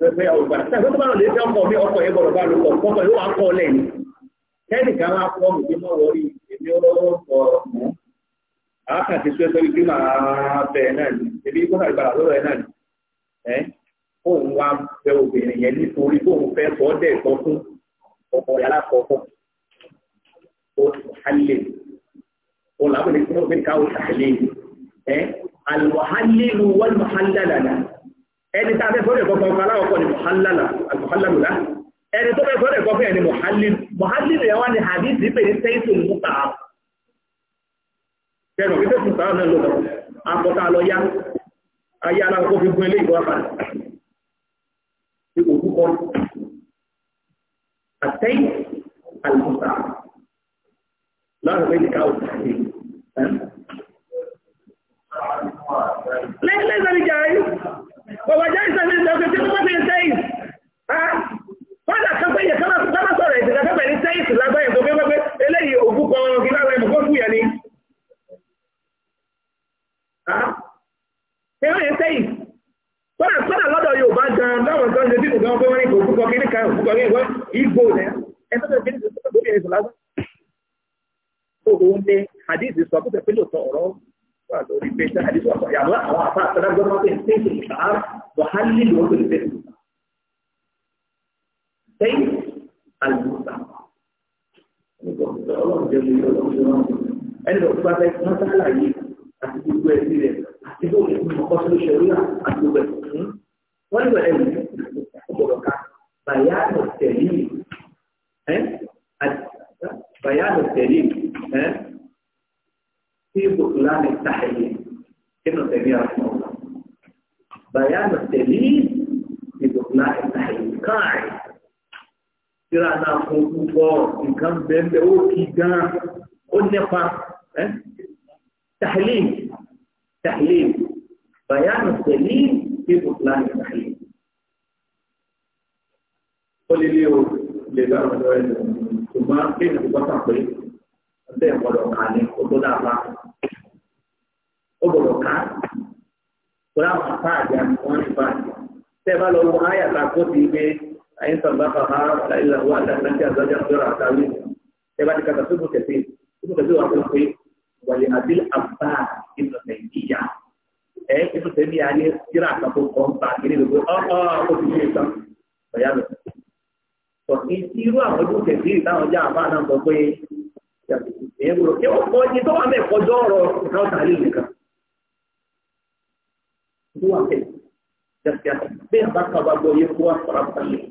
fẹ́fẹ́ ọgbàrá tàbí tó náà ni ẹ́ fóun wá fẹ́ obìnrin yẹn nítorí fóun fẹ́ fọ́ dẹ̀ sọ fún ọkọ̀ yàrá kọ̀ọ̀kọ̀ ó halẹ̀ fún obìnrin káwọn halẹ̀ ẹ́ alùhálẹ́lu wọ́n mọ̀ hálẹ́ ẹni tá a fẹ́ sọ́rọ̀ ẹ̀kọ́ kan aláwọ̀kọ́ ni mọ̀hálàlùlá ẹni tó fẹ́ sọ́rọ̀ ẹ̀kọ́ fẹ́ ni mọ̀hálìlù mọ̀hálìlù yẹn wá ní hadithi pé ní sẹ́yìntì mùtà fẹ́ràn wípé fún sáà náà lọ́wọ́ akọta lọ yá ayé aláwọ̀kọ́ fi gún ilé ìwọ́ ووجلس من زوجتي بطفل سيف fọ́dà kan pé yẹ kábà sọ̀rọ̀ ìsìnká fẹ́fẹ́ ní sẹ́yìsì lágbáyé tó gbé pé eléyìí òkú kan ọ̀rọ̀ kí lára ẹ̀mọ̀ fún ni. Ẹ̀rọ yẹn sẹ́yìsì. Fọ́dà fọ́dà lọ́dọ̀ Yorùbá gan láwọn kan ṣe dìbò gan-an pé ní torí pé tí àdìsọ àpàyàmọ́ àwọn àpá àtàlágbọ́ máa ń pèsè ìṣàárọ̀ wàhálì lòun tó lè pèsè ìṣàárọ̀. Sẹ́yìn àlùmọ́sà. Ọlọ́run jẹ́ mi ọlọ́run jẹ́ wọn. Ẹni lọ fún abẹ́ wọn sálà yìí àti gbogbo ẹbí rẹ̀ àti bó lè fún ọkọ sílé ṣẹlú náà àti gbogbo ẹ̀sìn fún. Wọ́n ní wẹ̀rẹ̀ mi ọgbọ̀dọ̀ ká bàyáàdọ̀ tẹ̀lé ẹ̀ bàyáàdọ̀ tẹ̀lé ẹ̀ في بطلان التحليل ابن تيمية رحمه الله بيان الدليل في بطلان التحليل قاعد ترى أنا فوقه كم بين بأوكي كان قلنا تحليل تحليل بيان الدليل في بطلان التحليل قل لي لبعض الوالد ثم كيف تبطع بيه ọ̀sẹ̀ ìgbọ́dọ̀ kà ní kótó dàbà ó gbọ́dọ̀ ká kóra àwọn apá àjà wọn ní báyìí tẹ́ ẹ bá lọ wọ àyàtà kó ti gbé àyín sọ̀rọ̀ bá bàbá àlàyé wà láti àgbájá sọ̀rọ̀ àtàwé tẹ́ bá ti kàtà tó bù kẹ̀sí tó bù kẹ̀sí wà fún pé wàlẹ̀ àbílẹ̀ àbá ìlú nàìjíríà ẹ̀ ìlú tẹ̀mí ayé kíra àkàkọ́ kan bá kiri lóko ọ̀ọ́ kó ti gbé tán ọ̀yá lọ. Tọ̀sí irú àwọn ojú kẹ̀sí ìtàwọn jẹ́ àbá náà sọ pé èyí kúrò kí wọ́n kọ́ ẹni tó wà bẹ́ẹ̀ kọjọ́ ọ̀rọ̀ ìkan tàlí nìkan tó wà bẹ́ẹ̀ jẹ́sí àti bẹ́ẹ̀ bá kà bá gbọ́ yẹ kó wà fara balẹ̀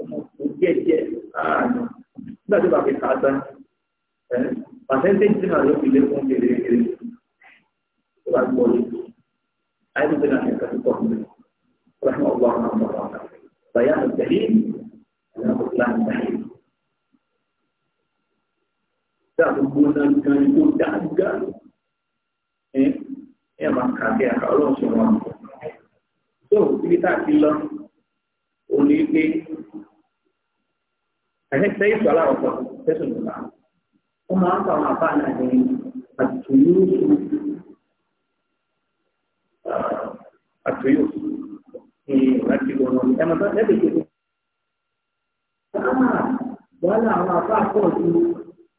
ọmọ kò díẹ̀ díẹ̀ ààrùn nígbà tó bá fi kà á tán pàṣẹ́ntéèjì tí màá ló fi lé fún kéré kéré tó bá gbọ́ yẹ ayé tó bẹ̀rẹ̀ àti ẹ̀ka tó kọ̀ fún mi rahman allah rahman allah bayan al-dalil ala al-islam al-dalil dàgbogbo náà gan ni kò dáńgá ẹ máa kà bí àkà ọlọ́sùn wọn. tó ibi tá a ti lọ òní pé àtẹ́tẹ́ ìtọ́ aláwọ̀kọ́ tẹ̀sán ìgbà wọ́n máa ń fa àwọn àbá náà ní àtúnyóòsù àtúnyóòsù ní ìrántí gbọ́nà ẹ̀mọ́tọ́ lẹ́bẹ̀ẹ́ wàhálà àwọn àbá pọ̀ ju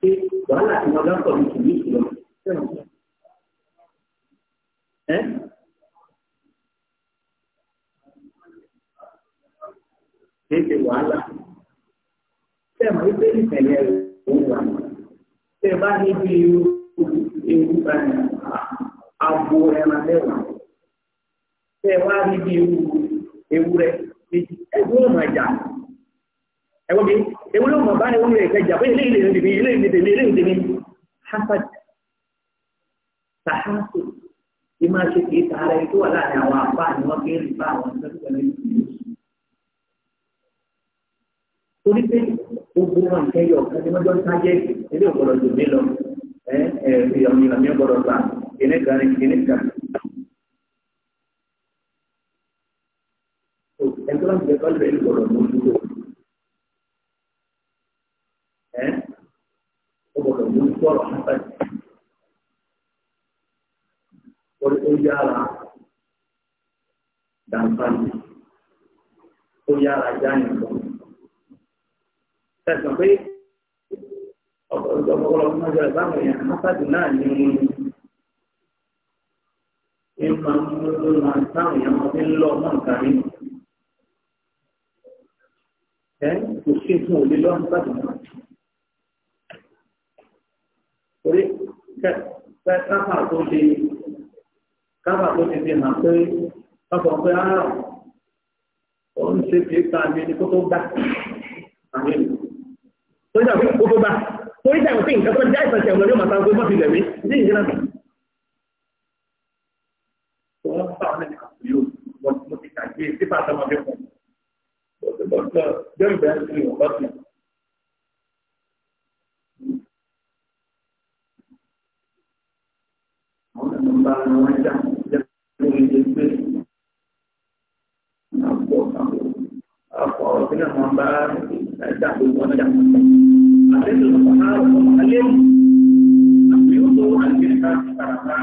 pé wàhálà tí wọn bá ń pọ̀ ní kìíní ìlọ sẹ́wọ̀n. ẹ kìí ṣe wàhálà sẹ́wọ̀n wípé ìpẹ̀lẹ̀ rẹ̀ ẹgbọ́n mi ewu ló mọ̀ bá ní oúnjẹ ìfẹ́jà pé ilé ilé ìdèmí ilé ìdèmí ilé ìdèmí hasad sahasu ìmá ṣe kìí tààrà ètò wà láàrin àwọn àpá ni wọ́n fi ń rí bá àwọn ìgbẹ́lúgbẹ́ ní ìlú torí pé gbogbo wọn kẹ́ yọ ọ̀kan ní mọ́jọ́ sáyé ilé ògbọ́dọ̀ tó dé lọ ẹ ẹ ìyọ̀mí ìlànà ìgbọ́dọ̀ gbà kíní kan ní kíní kan. ẹgbẹ́ wọn ti fẹ́ kọ́ lórí ìgbọ́dọ̀ mọ́jú tó. ló ń sọ̀rọ̀ nípa yìí. Orí tó yára dàǹfààní, tó yára jáyìn lọ. Tẹ̀sán pé ọ̀pọ̀lọpọ̀ ọ̀pọ̀lọpọ̀ máa jẹ́ ìbámu yẹn, Mọ́sáàdì náà ní ìmọ̀ ló máa ń táwọn èèyàn máa fi ń lọ mọ́ nǹkan rí. Ẹ kò sí fún òlélọ́mọ́sáàdì náà torí káfà tó ṣe káfà tó ṣe fi hàn pé káfà pé á ah, ò ń ṣe fi ta mi ní kó tó gbà àmì tó dàbí kó tó gbà torí dàbí pé nǹkan tó já ìfẹsẹ̀ ọ̀nà yóò máa sanwó mọ́ ìlẹ̀ mi ní ìjìnlẹ̀ mi. wọ́n bá wọn ní àpò yóò wọ́n ti ṣàgbé sípà àtàwọn ọmọdé kan. bọ́sẹ̀ bọ́sẹ̀ jẹ́ ìbẹ̀rẹ̀ sí ìwọ̀n bọ́sẹ̀. bá wọn jà lẹ́kọ̀ọ́ ilé pé àpò àpò ọ̀rọ̀ tí náà wọ́n bá ẹ̀dá gbogbo ọjà. Àlejò ọ̀pọ̀ náà wọ́n máa lé mu. Àpò yóò tó wọ́n àti ẹ̀ka ti tàrà bá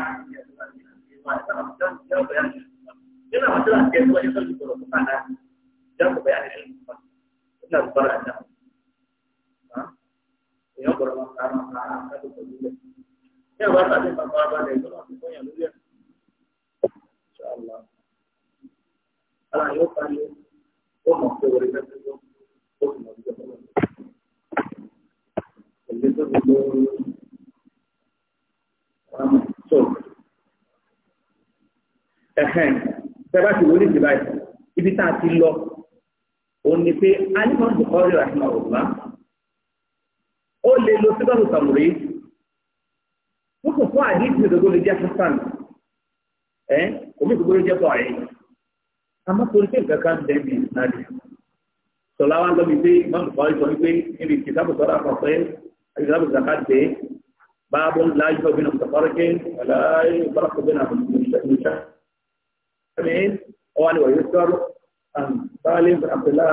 Yana wata da ke zuwa yasar jikoro kuma na jamu bayanin shi kuma ina zubar da jamu. Yan gurma kama a kan da Ṣé ìwà tàbí bàbá abalẹ̀ ìjọba ti fọyàn lórí ẹ̀? Ara yóò parí ó mọ̀ pé orí náà tó ó sì mọ̀ nígbà tó lọ. Èlé tó ti lọ tó. Ẹ̀hẹ̀n, tẹ bá ti wọlé ìdí báyìí, ibi ti lọ, òun ni pé Alimọ̀ Bùkọ́rí ó lè lo síbẹ̀rù Sàmùrí wọ́n kò fún àdíjì òdòdó lè jẹ́ hasan ẹ́ omi òdòdó lè jẹ́ bọ̀ọ̀rẹ́ àmọ́ torí pé nǹkan kan dẹ̀ bí ìsinadì sọlá wa lọ́bi pé mọ́mù kan sọ wípé níbi kìtàbù sọ́ra àpapẹ́ àbíkìtàbù zaka dé báàbò láyọ̀ bí nàkùtà fọ́rọ́kẹ́ aláì bọ́lọ́kọ̀ bí nàkùtà nìṣà ẹ̀mí ọwọ́ um, ni wọ́n yóò sọ̀rọ̀ àbálẹ̀ àbẹ̀lá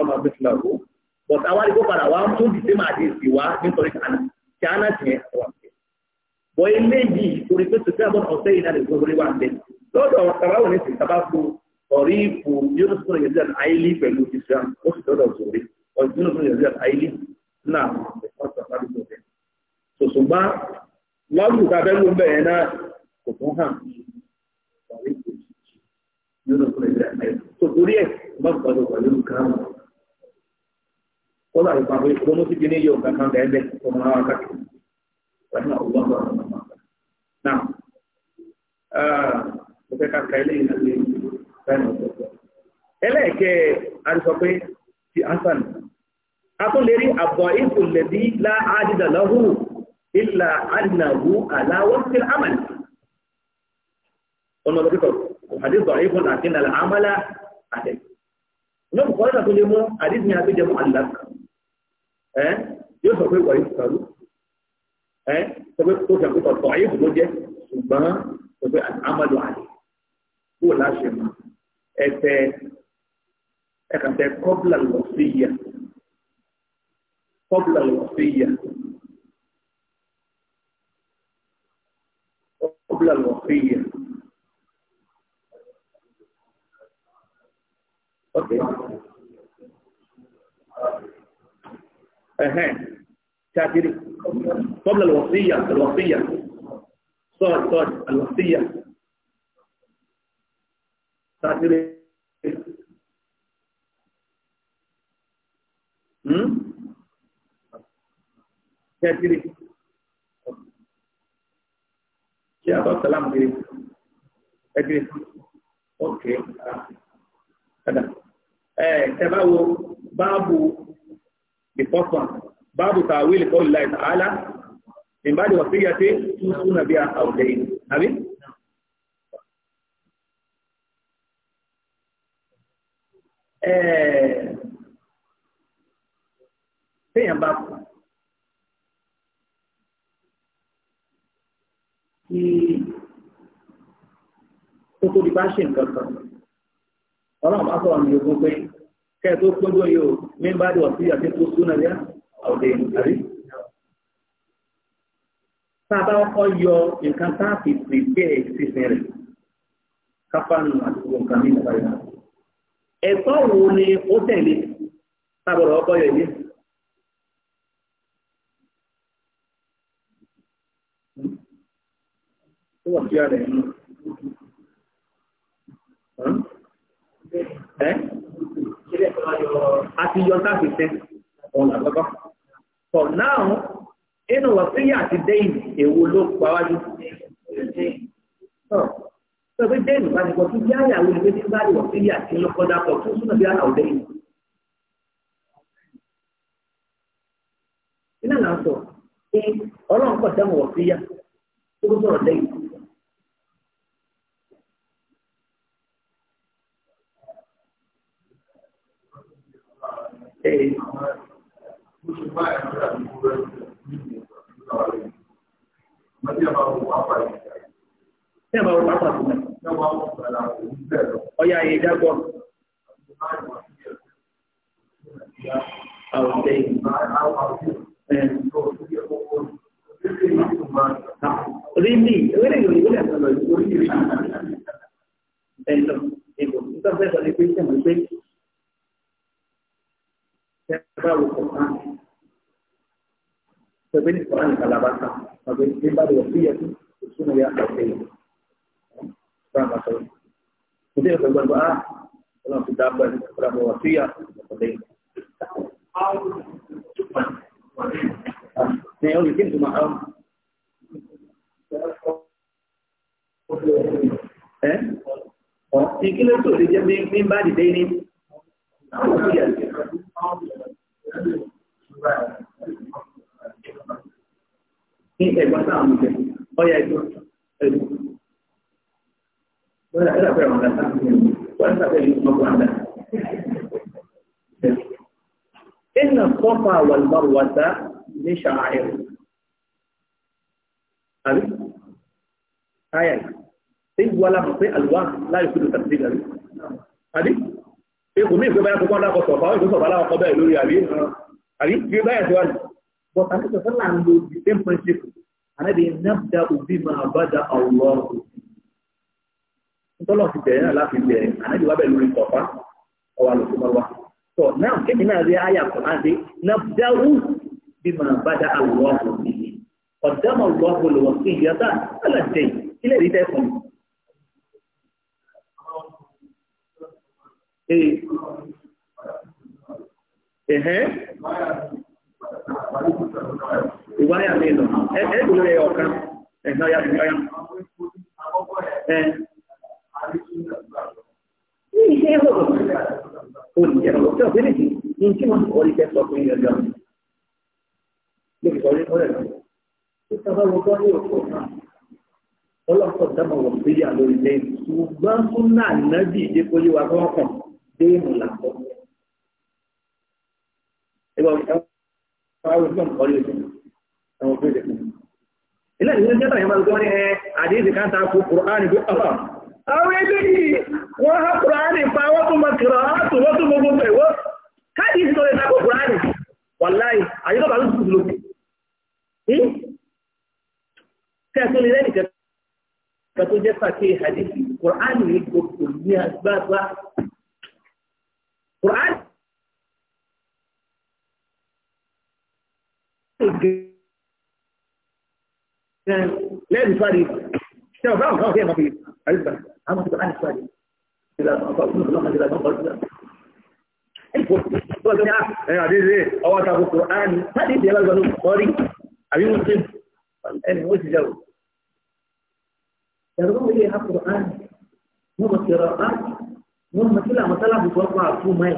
ọmọ abẹ́tìlá ọ̀gbọ́n bọ̀t àwọn àdìgbò padà wá tó dìde máa dé ìsìn wá nítorí kàánà kàánà tiẹ̀ wà pé bọ́ eléyìí orí pé sùfẹ́ àbọ̀ ọ̀sẹ̀ yìí náà lè gbogbo wà bẹ́ẹ̀ lọ́dọ̀ tàbáwò ní sèkàbá fún ọ̀rí ìfò yóò sọ yẹ̀dí àìlí pẹ̀lú ìṣẹ́ ó sì lọ́dọ̀ sórí ọ̀rí yóò sọ yẹ̀dí àìlí náà wọ́n sọ láti sọ bẹ́ẹ̀. sòṣùgbọ́n lọ́dún tá a fẹ́ ló bẹ̀rẹ̀ náà kò tún hàn ọ̀rí ìfò yóò sọ yẹ̀dí àìlí. sòtúrí ẹ̀ má gbọ́dọ̀ رحمه الله ورحمه نعم وكذا كايلي نبي ẹlẹ́ẹ̀kẹ́ àrísọ pé ti hasan a tún lè rí àbọ̀ ipò lẹ̀dí láàájídà lọ́hù ìlà àdínàwó aláwọ́síl amal ọ̀nà lọ́pítọ̀ àdíṣọ̀ ipò àkínà àmàlà àtẹ̀ ní ọkùnkọ́ lọ́nà tó lè mú àdíṣìn àti jẹmọ́ àdìlá yóò sọ pé wà ní ẹ́ sọ́pẹ́ tó ṣe àkókò tọ̀ ayé ìbùdó jẹ́ ṣùgbọ́n sọ́pẹ́ amadu àlè kó láṣẹ mọ́ ẹ̀fẹ́ ẹ̀kàtẹ́ kọ́bùlà lọ sí ìyá kọ́bùlà lọ sí ìyá kọ́bùlà lọ sí ìyá. Okay. Uh-huh. شاكرين قبل الوصية الوصية صاد صاد الوصية شاكرين شاكرين يا أبو السلام عليكم أجري أوكي هذا إيه تبعو بابو بفصل báàbù tàwílì kọlù láì tààlà ìbáàdì wàsíyà tí tún súnà bí àwùjẹ yìí àbí. téèyàn bá kú kí kókó di bá ṣe nǹkan kan ọlọ́run bá sọ̀rọ̀ ní ogún pé kẹ́ẹ̀ tó kójú ọ̀dẹ̀ ìgbàrí. Sábà ọkọ̀ yọ nǹkan táàpì pèpè sísìn rẹ̀ káfánù àti nǹkan ní ìgbà ìgbà. Ẹ̀tọ́ wo ni ó tẹ̀lé sábọ̀rọ̀ ọkọ̀ yọ ìdí? Ó wà sí ara ẹ̀ Ẹ́ àti yọ táàpì tẹ́ ọ̀nà àkọ́kọ́ for now inú wàsíyà àti dẹ́yìn èwo ló pàwájú sọ pé dẹ́yìn bá ti pọ̀ tún bí àyàwó ìgbé tí bá rí wàsíyà àti lọ́kọ́dá pọ̀ tún súnà bí àyàwó dẹ́yìn. iná là ń sọ pé ọlọ́run pọ̀ sẹ́wọ̀n wàsíyà tó kó sọ̀rọ̀ dẹ́yìn. Thank you. Ṣé ìbáwọ̀ pápá tó mẹ́? Ọya yìí dágbọ́. Àwọn ìdẹ́ yìí. Rí ní, orí ìlú ìlú ìlú àtàlọ̀ ìlú orí ìlú. Ẹ̀lọ́, ìbò, nítorí pé sọ ní pé ṣẹ̀mọ̀ pé tẹ́lá wò kọ̀ kan tẹ̀gbẹ́ ní kọ́ra nìkan làbá kan tàbí ní bá lọ sí yẹtú òṣùnà yà ọ̀sẹ̀ yìí kọ́ra nìkan sọ̀rọ̀ ìdí ìfẹ́ gbọ́dọ̀ á ah, ọlọ́run ti dáàbò ẹni kọ́ra bọ̀ wá sí yà yìí. ní ọ̀rọ̀ ìdí ìtumọ̀ àwọn. ẹ ọ̀ ìkílẹ̀ tó lè jẹ́ bí bá dìde ní àwọn ìyàtọ̀ Ní ẹ̀gbọ́n sáà mú jẹ, ọya ẹ̀gbọ́n ẹ̀gbọ́n. Wọ́n láti láti ẹ̀wọ̀n láti láti ẹ̀wọ̀n. Wọ́n láti láti ẹ̀wọ̀n ọgbọ̀n àdá. Inna Safa wal Marwata ní ṣàáyẹ̀. Àbí? Káyà. Ṣé ìwọ́lá mọ̀ pé àlùwá láì fi lù tàbí Ipò mí ìgbé báyà tó kọ́ dákọ̀ sọ̀fà, ìgbé sọ̀fà láwọn kọ́ bẹ́ẹ̀ lórí àbí àbí ìgbé báyà tó wà ní. But àti sọ̀fà là ń lo the same principle. Ànábi nàbdà òbí máa bá da ọ̀wọ́. Ntọ́lọ̀ ti bẹ̀rẹ̀ náà láti bẹ̀rẹ̀. Ànábi wá bẹ̀ lórí sọ̀fà, ọwà lọ sí máa wá. Sọ náà kémi náà rí àyà kọ̀ náà Nàbdà òbí máa bá da ọ̀wọ́. Ọ̀dàmọ̀ ọ̀wọ́ Ẹ̀hẹ́. Ìwáyà mi lọ. Ẹ̀ẹ́ ìlú ẹ̀ ọ̀kan. Ẹ̀hẹ́ ọ̀yá mi ọ̀yá. Ẹ̀. Ní ìṣe ìhòòrò. Olùjẹ́ ọ̀rọ̀ tí ọ̀gbẹ́ni kì í ní tí wọ́n kọ́ ní kẹ́sọ̀ fún ilẹ̀ ọjọ́. Ló fi sọrí ọ̀rẹ́ rẹ̀. Títà bá wọ́n dámọ̀ wọ̀ sí ìyá lẹ́yìn. Ṣùgbọ́n fún náà náà bí ìdíkó yíwa tó wọ́n déèmù làkọ́. Ẹgbẹ́ ọ̀gá ọ̀gá ọ̀gá ọ̀gá ọ̀lẹ́ àwọn òfin ìdẹ̀kùn. Ilé ìwé jẹ́ta yẹn máa ń gbọ́ ní ẹ àdéhìí ká ta kó Kùránì bí ọ̀pá. Àwọn eléyìí wọ́n há Kùránì pa wọ́n tún máa kìrọ̀ á tó wọ́n tún gbogbo ẹ̀wọ́. Káàdì ìsìn lórí ìtakò Kùránì. Wàláì, àyè lọ́ba ló ti Quran لازم صار شو فاهم فاهم ما في علبة أما تبقى أنا صار إذا ما صار الله إذا ما صار Ìfọ̀sọ́ ní àdéhùn ọwọ́ àtàkùn Kùránì, sáàdì ìdí ẹlọ́gbọ̀n ló kọ́ rí, àbí wọ́n ti ẹni wọ́n ti jẹun. Ẹ̀rọ wọ́n yẹ ha Kùránì, wọ́n mọ̀ sí ọ̀rọ̀ Kùránì, wọn mọ sílẹ̀ àwọn sálàmù kan kan àfún mọ́ ẹ̀.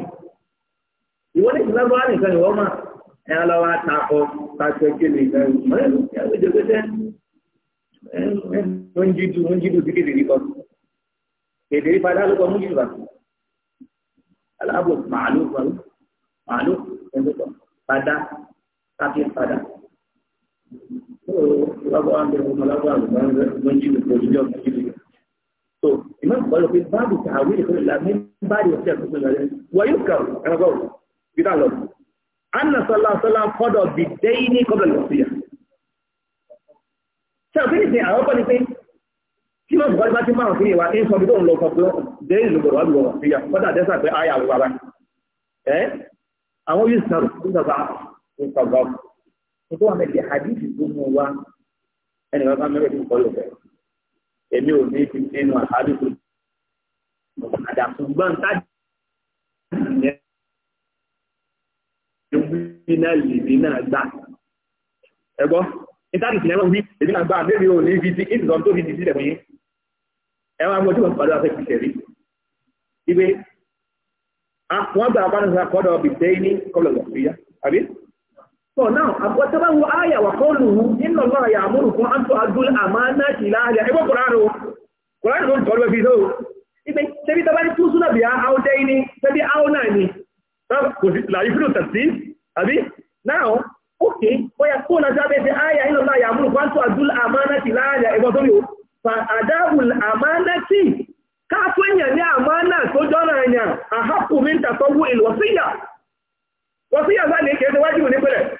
ìwọ ní ìlànà wa nìkan ìwọ mà ẹ lọ wa ta ọ pàṣẹ kéde ìfẹ́ mọ́ ẹ ẹ lóde pété ẹ ẹ wọ́n jídu wọ́n jídu sí kéde nìkan kéde ìpadà ló kọ́ mú jùlọ aláàbò màálù pẹ̀lú màálù pẹ̀lú padà káfí padà. Lọ́gbọ́n wa ń bẹ̀rù mọ́ lọ́gbọ́n àlùbọ́n wọ́n jídu pẹ̀lú ìjọba jídu yẹn. So Imam Bukhari fi báàbù tààwí ìfẹ́lẹ̀ lámí báàbù ọ̀sẹ̀ tó fún ìrọ̀lẹ́. Wọ́n yóò kà ẹ̀rọ gbígbà lọ. Anna sallallahu alaihi wasallam kọ́dọ̀ bí dẹ́yìn ní kọ́bẹ̀ lọ sí ya. Ṣé òfin ìsìn àwọn kọ́ni pé tí Imam Bukhari bá ti máa fi ìwà ń sọ bí tóun lọ sọ pé dẹ́yìn ló gbọdọ̀ wà lọ sí ya. Kọ́dà dẹ́sà pé ayà wọ bàbá. Ẹ àwọn yóò sọ nígbàgbà èmi ò ní fi nínú àhálùkù àdàkùngbọ́n tájì ìyẹn wí náà lè ní náà gbà ẹgbọ́ ìtàdì ìsìnlẹ̀ wọn wí èmi náà gbà bẹ́ẹ̀ mi ò ní fi sí ìsìnlọ́m tó fi di sílẹ̀ wọ̀nyí ẹ wá gbọ́dọ̀ wọn pàdé àfẹ́ ìṣẹ̀rí ibẹ̀ wọ́n gbà wọn bá ń sọ àkọ́dọ̀ bìtẹ́ ní kọ́lọ̀ lọ́fíà àbí for now àgbọ́tẹ́bá wo áyà wà kọ́ lùú nínú náà yà múrù fún àtò àdúl àmánà ìlàáyà ẹgbẹ́ kòránù kòránù ló ń tọ́lú ẹbí lóò ibi tẹ́bí tọ́bá ní túnṣúnà bí áódẹ́ ní tẹ́bí áó náà ni láyé fílò tẹ̀sí àbí now ok ó yà kó lọ́jọ́ abẹ́ ti áyà nínú náà yà múrù fún àtò àdúl àmánà ìlàáyà ẹgbẹ́ tó ní o fa àdáhùn àmánà tí káfọ́ èèyàn ní àmánà tó jọ́nà èèyàn àhápù mi ń tàtọ́wọ́ ìlọ́síyà wọ́síyà sáà ní kẹ́ẹ́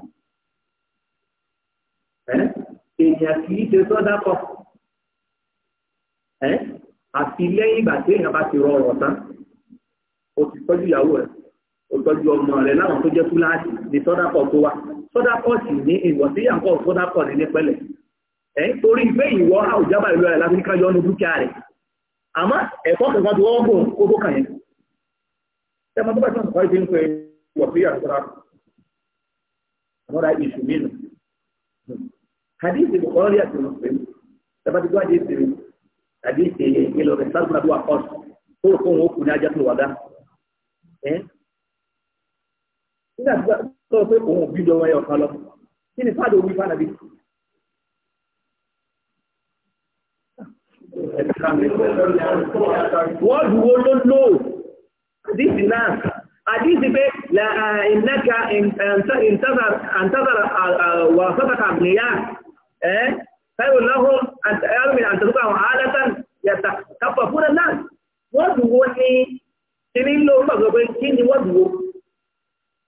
èèyàn kì í ṣe sọ́dá pọ̀ àti lẹ́yìn ìgbà tí èèyàn bá ti rọ ọ̀rọ̀ tán o ti tọ́jú ìyàwó rẹ̀ o ọmọ rẹ̀ láwọn tó jẹ́ fúláàsì ní sọ́dá pọ̀ tó wà sọ́dá pọ̀ sì ní ìwọ̀síyà nǹkan sọ́dá pọ̀ ní hadithi bukhari àti muslim tabati gbọ́ hadithi hadithi ìlọrin sáàbùnà bí wà kọ́s tó o fún òkú ní ajá tó wà dá ẹ́ nígbà tí wọ́n sọ pé òun òbí lọ́wọ́ ẹ̀ ọ̀kan lọ kí ni fáàdì òbí fáànàbí. wọ́ọ̀dù wo ló lò hadithi náà hadithi pé ìnáka ìntàzàrà wà sọ́tàkà nìyá. Eh, khairun lahum min an tarkuhum 'adatan yatakaffafuna an-nas wọ́ọ̀dù wo ni kíní ló ń gbàgbọ́ pé kí ni wọ́ọ̀dù wo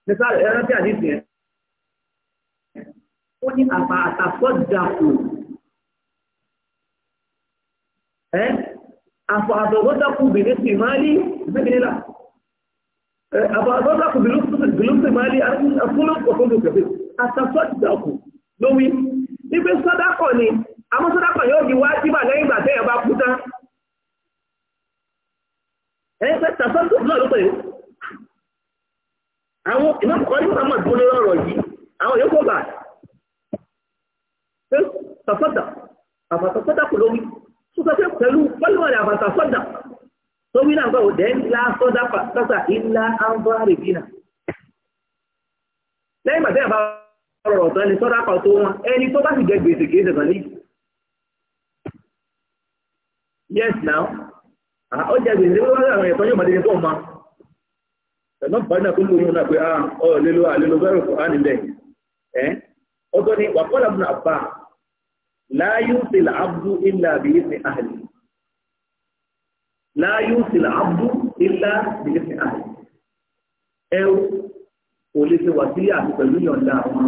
ní sáré ẹ̀rọ tí àdìsí ẹ̀ ó ní àpá àtàkọ́dàkù ẹ́ eh? àtàkọ́dàkù bìnrin sì máa ní ìgbẹ́gbẹ́lá àtàkọ́dàkù bìnrin sì máa ní eh, àfúnlọ́pọ̀ fún lókè àtàkọ́dàkù lówí wípé sọ́dákọ̀ ni àmọ́ sọ́dákọ̀ yóò di wájíbà lẹ́yìn ìgbà tẹ́yàn bá kú tán ẹ̀yìn pé tàṣọ́tò náà ló pè é àwọn ìmọ̀kọ́ ní mọ̀mọ́ tó lé ọ̀rọ̀ yìí àwọn yóò kó bà pé tàṣọ́tà àbàtàṣọ́tà kò lórí sọ́tà pé pẹ̀lú pẹ́lúmọ̀rẹ̀ àbàtàṣọ́tà tó wí náà gbọ́ òdẹ́ ńlá sọ́dá pàtàkì ńlá áńbọ́ àrègbè náà lẹ́yìn ìgbà tẹ́yàn ọ̀rọ̀ ọ̀tọ́ ni sọ́dá kan tó wọn ẹni tó bá sì jẹ gbèsè kìí ṣẹ̀kan ní. yes now ó jẹ gbèsè wọ́n wáyé àwọn ẹ̀tọ́ yóò máa dé tó ma ẹ̀gbọ́n pàdé náà tó lóyún náà pé ah ọ lélo àlélo bẹ́rù kò á nílẹ̀ ẹ́ ó tọ́ ni wàkọ́lá bùnà àbá láyú sílà abdú ilà bìí sin àhàlì láyú sílà abdú ilà bìí sin àhàlì ẹ kò lè ṣe wàsílẹ̀ àti pẹ̀lú yọ̀ǹda àwọn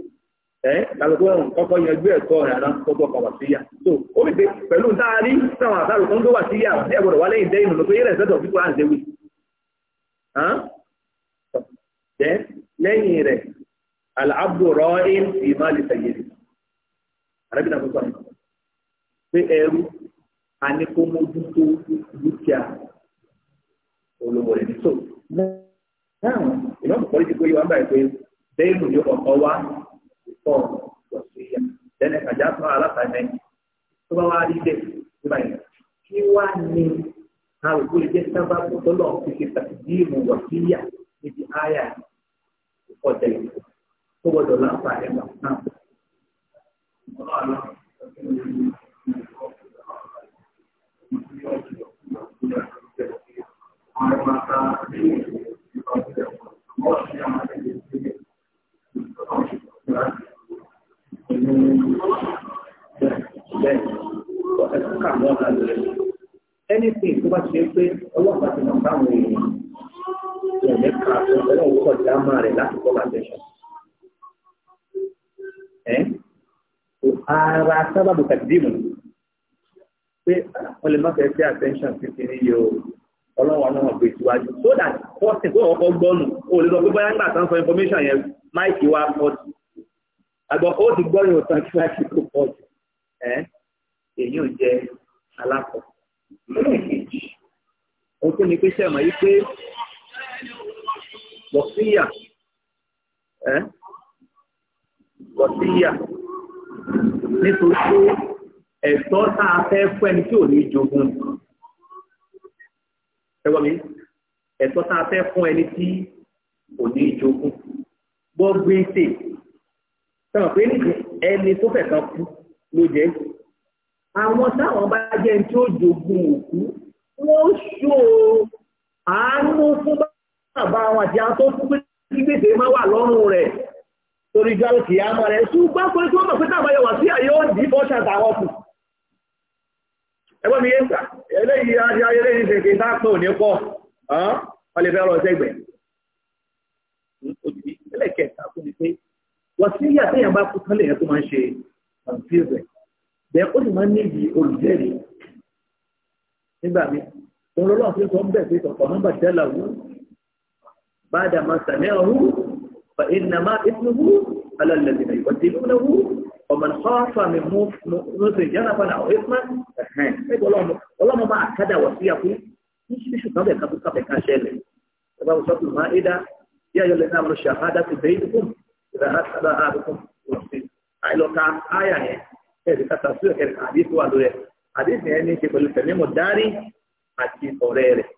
ẹ kálukú ẹ̀hún kọ́kọ́ yanjú ẹ̀kọ́ rẹ̀ kọ́kọ́ kan sí so ó lè pẹ̀lú ntaari táwọn àtàrò kan tó sí yá ẹ gbọ́dọ̀ wà lẹ́yìn dẹ́yìn nù pé yẹ́rẹ̀ sẹ́tọ̀ fífọ́ lẹ́yìn rẹ̀ má lè tẹ̀yẹ̀rẹ̀ pé ẹrú dúkìá olówó rẹ̀ náà ìtọ́ọ̀nù wọ̀síyà lẹ́nu ìkàjá fún alákàáyé tó bá wá rí bẹ́ẹ̀ ní báyìí kí wá ní àròkó lè jẹ́ sábà tó lọ́ọ̀ fi ṣe tàbíìmù wọ̀síyà níbi áyà ọ̀tẹ̀ tó gbọdọ̀ láǹfààní náà. Thank you anything tó bá ti ṣe pé ọlọ́pàá ti mọ̀ táwọn èèyàn ìrọ̀lẹ́ ká ọlọ́run kọ̀ já máa rẹ̀ láti kọ́ bá tẹ̀sán. ara sábàbù tàbídìmù pé wọ́n lè má fẹ́ pay attention sí ti níyì o ọlọ́run àwọn ọmọ ìgbésí wájú so that first thing tó ọkọ̀ gbọ́nù o lè lọ pé bóyá nígbà tó sọ information yẹn máìkì wá pọ̀ sí àgbọ̀ ó ti gbọ́yìn òtán kí wọ́n ti kó pọ̀ jù ẹ́ èyí ò jẹ́ alákọ̀. lẹ́ẹ̀kejì ó tún ní pé sẹ́mọ̀ yìí pé wọ̀síyà ẹ́ wọ̀síyà nítorí pé ẹ̀tọ́ tá a fẹ́ fún ẹni tí ò ní jogun ẹ wọ́n mi ẹ̀tọ́ tá a fẹ́ fún ẹni tí ò ní jogun gbọ́ gbèsè. sọ̀rọ̀ pé ẹni tó fẹ̀ kan kú ló jẹ́ àwọn táwọn bá jẹ́ tí ó jogun òkú wọ́n ṣó àánú fún bàbá àwọn àti àwọn tó kú pé gbèsè máa wà lọ́rùn rẹ̀ torí ìjọ àlùkì àmọ́ rẹ̀ ṣùgbọ́n pé wàsíyà téèyàn bá kú tán lèèyàn tó máa ń ṣe àǹfíìsẹ̀ bẹ́ẹ̀ ó sì máa ń níbi olùjẹ́rì nígbà mi òun lọ́lọ́run fi sọ ń bẹ̀ pé tọ̀pọ̀ mọ́ bàtẹ́ là wú bàdà máa sàmì ọ̀hún fa iná máa ìfúnhu alálẹ́bí náà ìwọ́n ti ìlú náà wú ọmọ nǹkan fà mí mú mú sí fún àwọn ìfúnmá ẹ̀hẹ́n ẹgbẹ́ ọlọ́mọ máa kádà wàsíyà fún níṣìṣù kan bẹ̀ kábẹ́ká ṣẹlẹ̀ ẹ bá wọ sọ́kùnrin máa ń yíyá yọ ràhásàbà àdúgbò òsìn àìlọ́ka àyà yẹn ẹ̀rí kàtà sí ẹ̀rí àdéhùn wà lórí ẹ̀ àdéhùn yẹn ní í ṣe pẹ̀lú tẹ̀mímọ̀ dárí àti ọ̀rẹ́ rẹ̀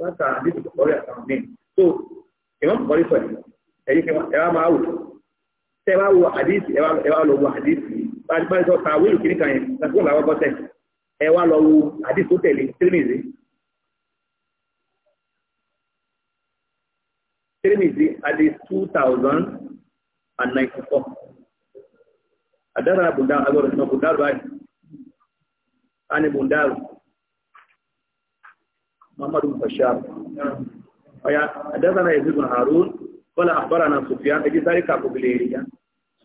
látà àdéhùn ọ̀rẹ́ àtàwọn míì tó ìmọ̀ kọ̀ọ̀rí sọ̀ ẹ̀yí ẹ̀ wá máa wò tẹ́ ẹ bá wo àdéhùn ẹ wá lọ kan yẹn lásìkò làwọn bọ́sẹ̀ ẹ wá lọ wo àdéhùn tó tẹ̀lé tírímìzì tírímìzì àdéhùn two thousand and 94. Adara Bundar, I got it, no Bundar, right? Ani Bundar. Muhammad Bashar. Aya, Adara Yazid bin Harun, قال أخبرنا سفيان أجي ذلك أبو بليريا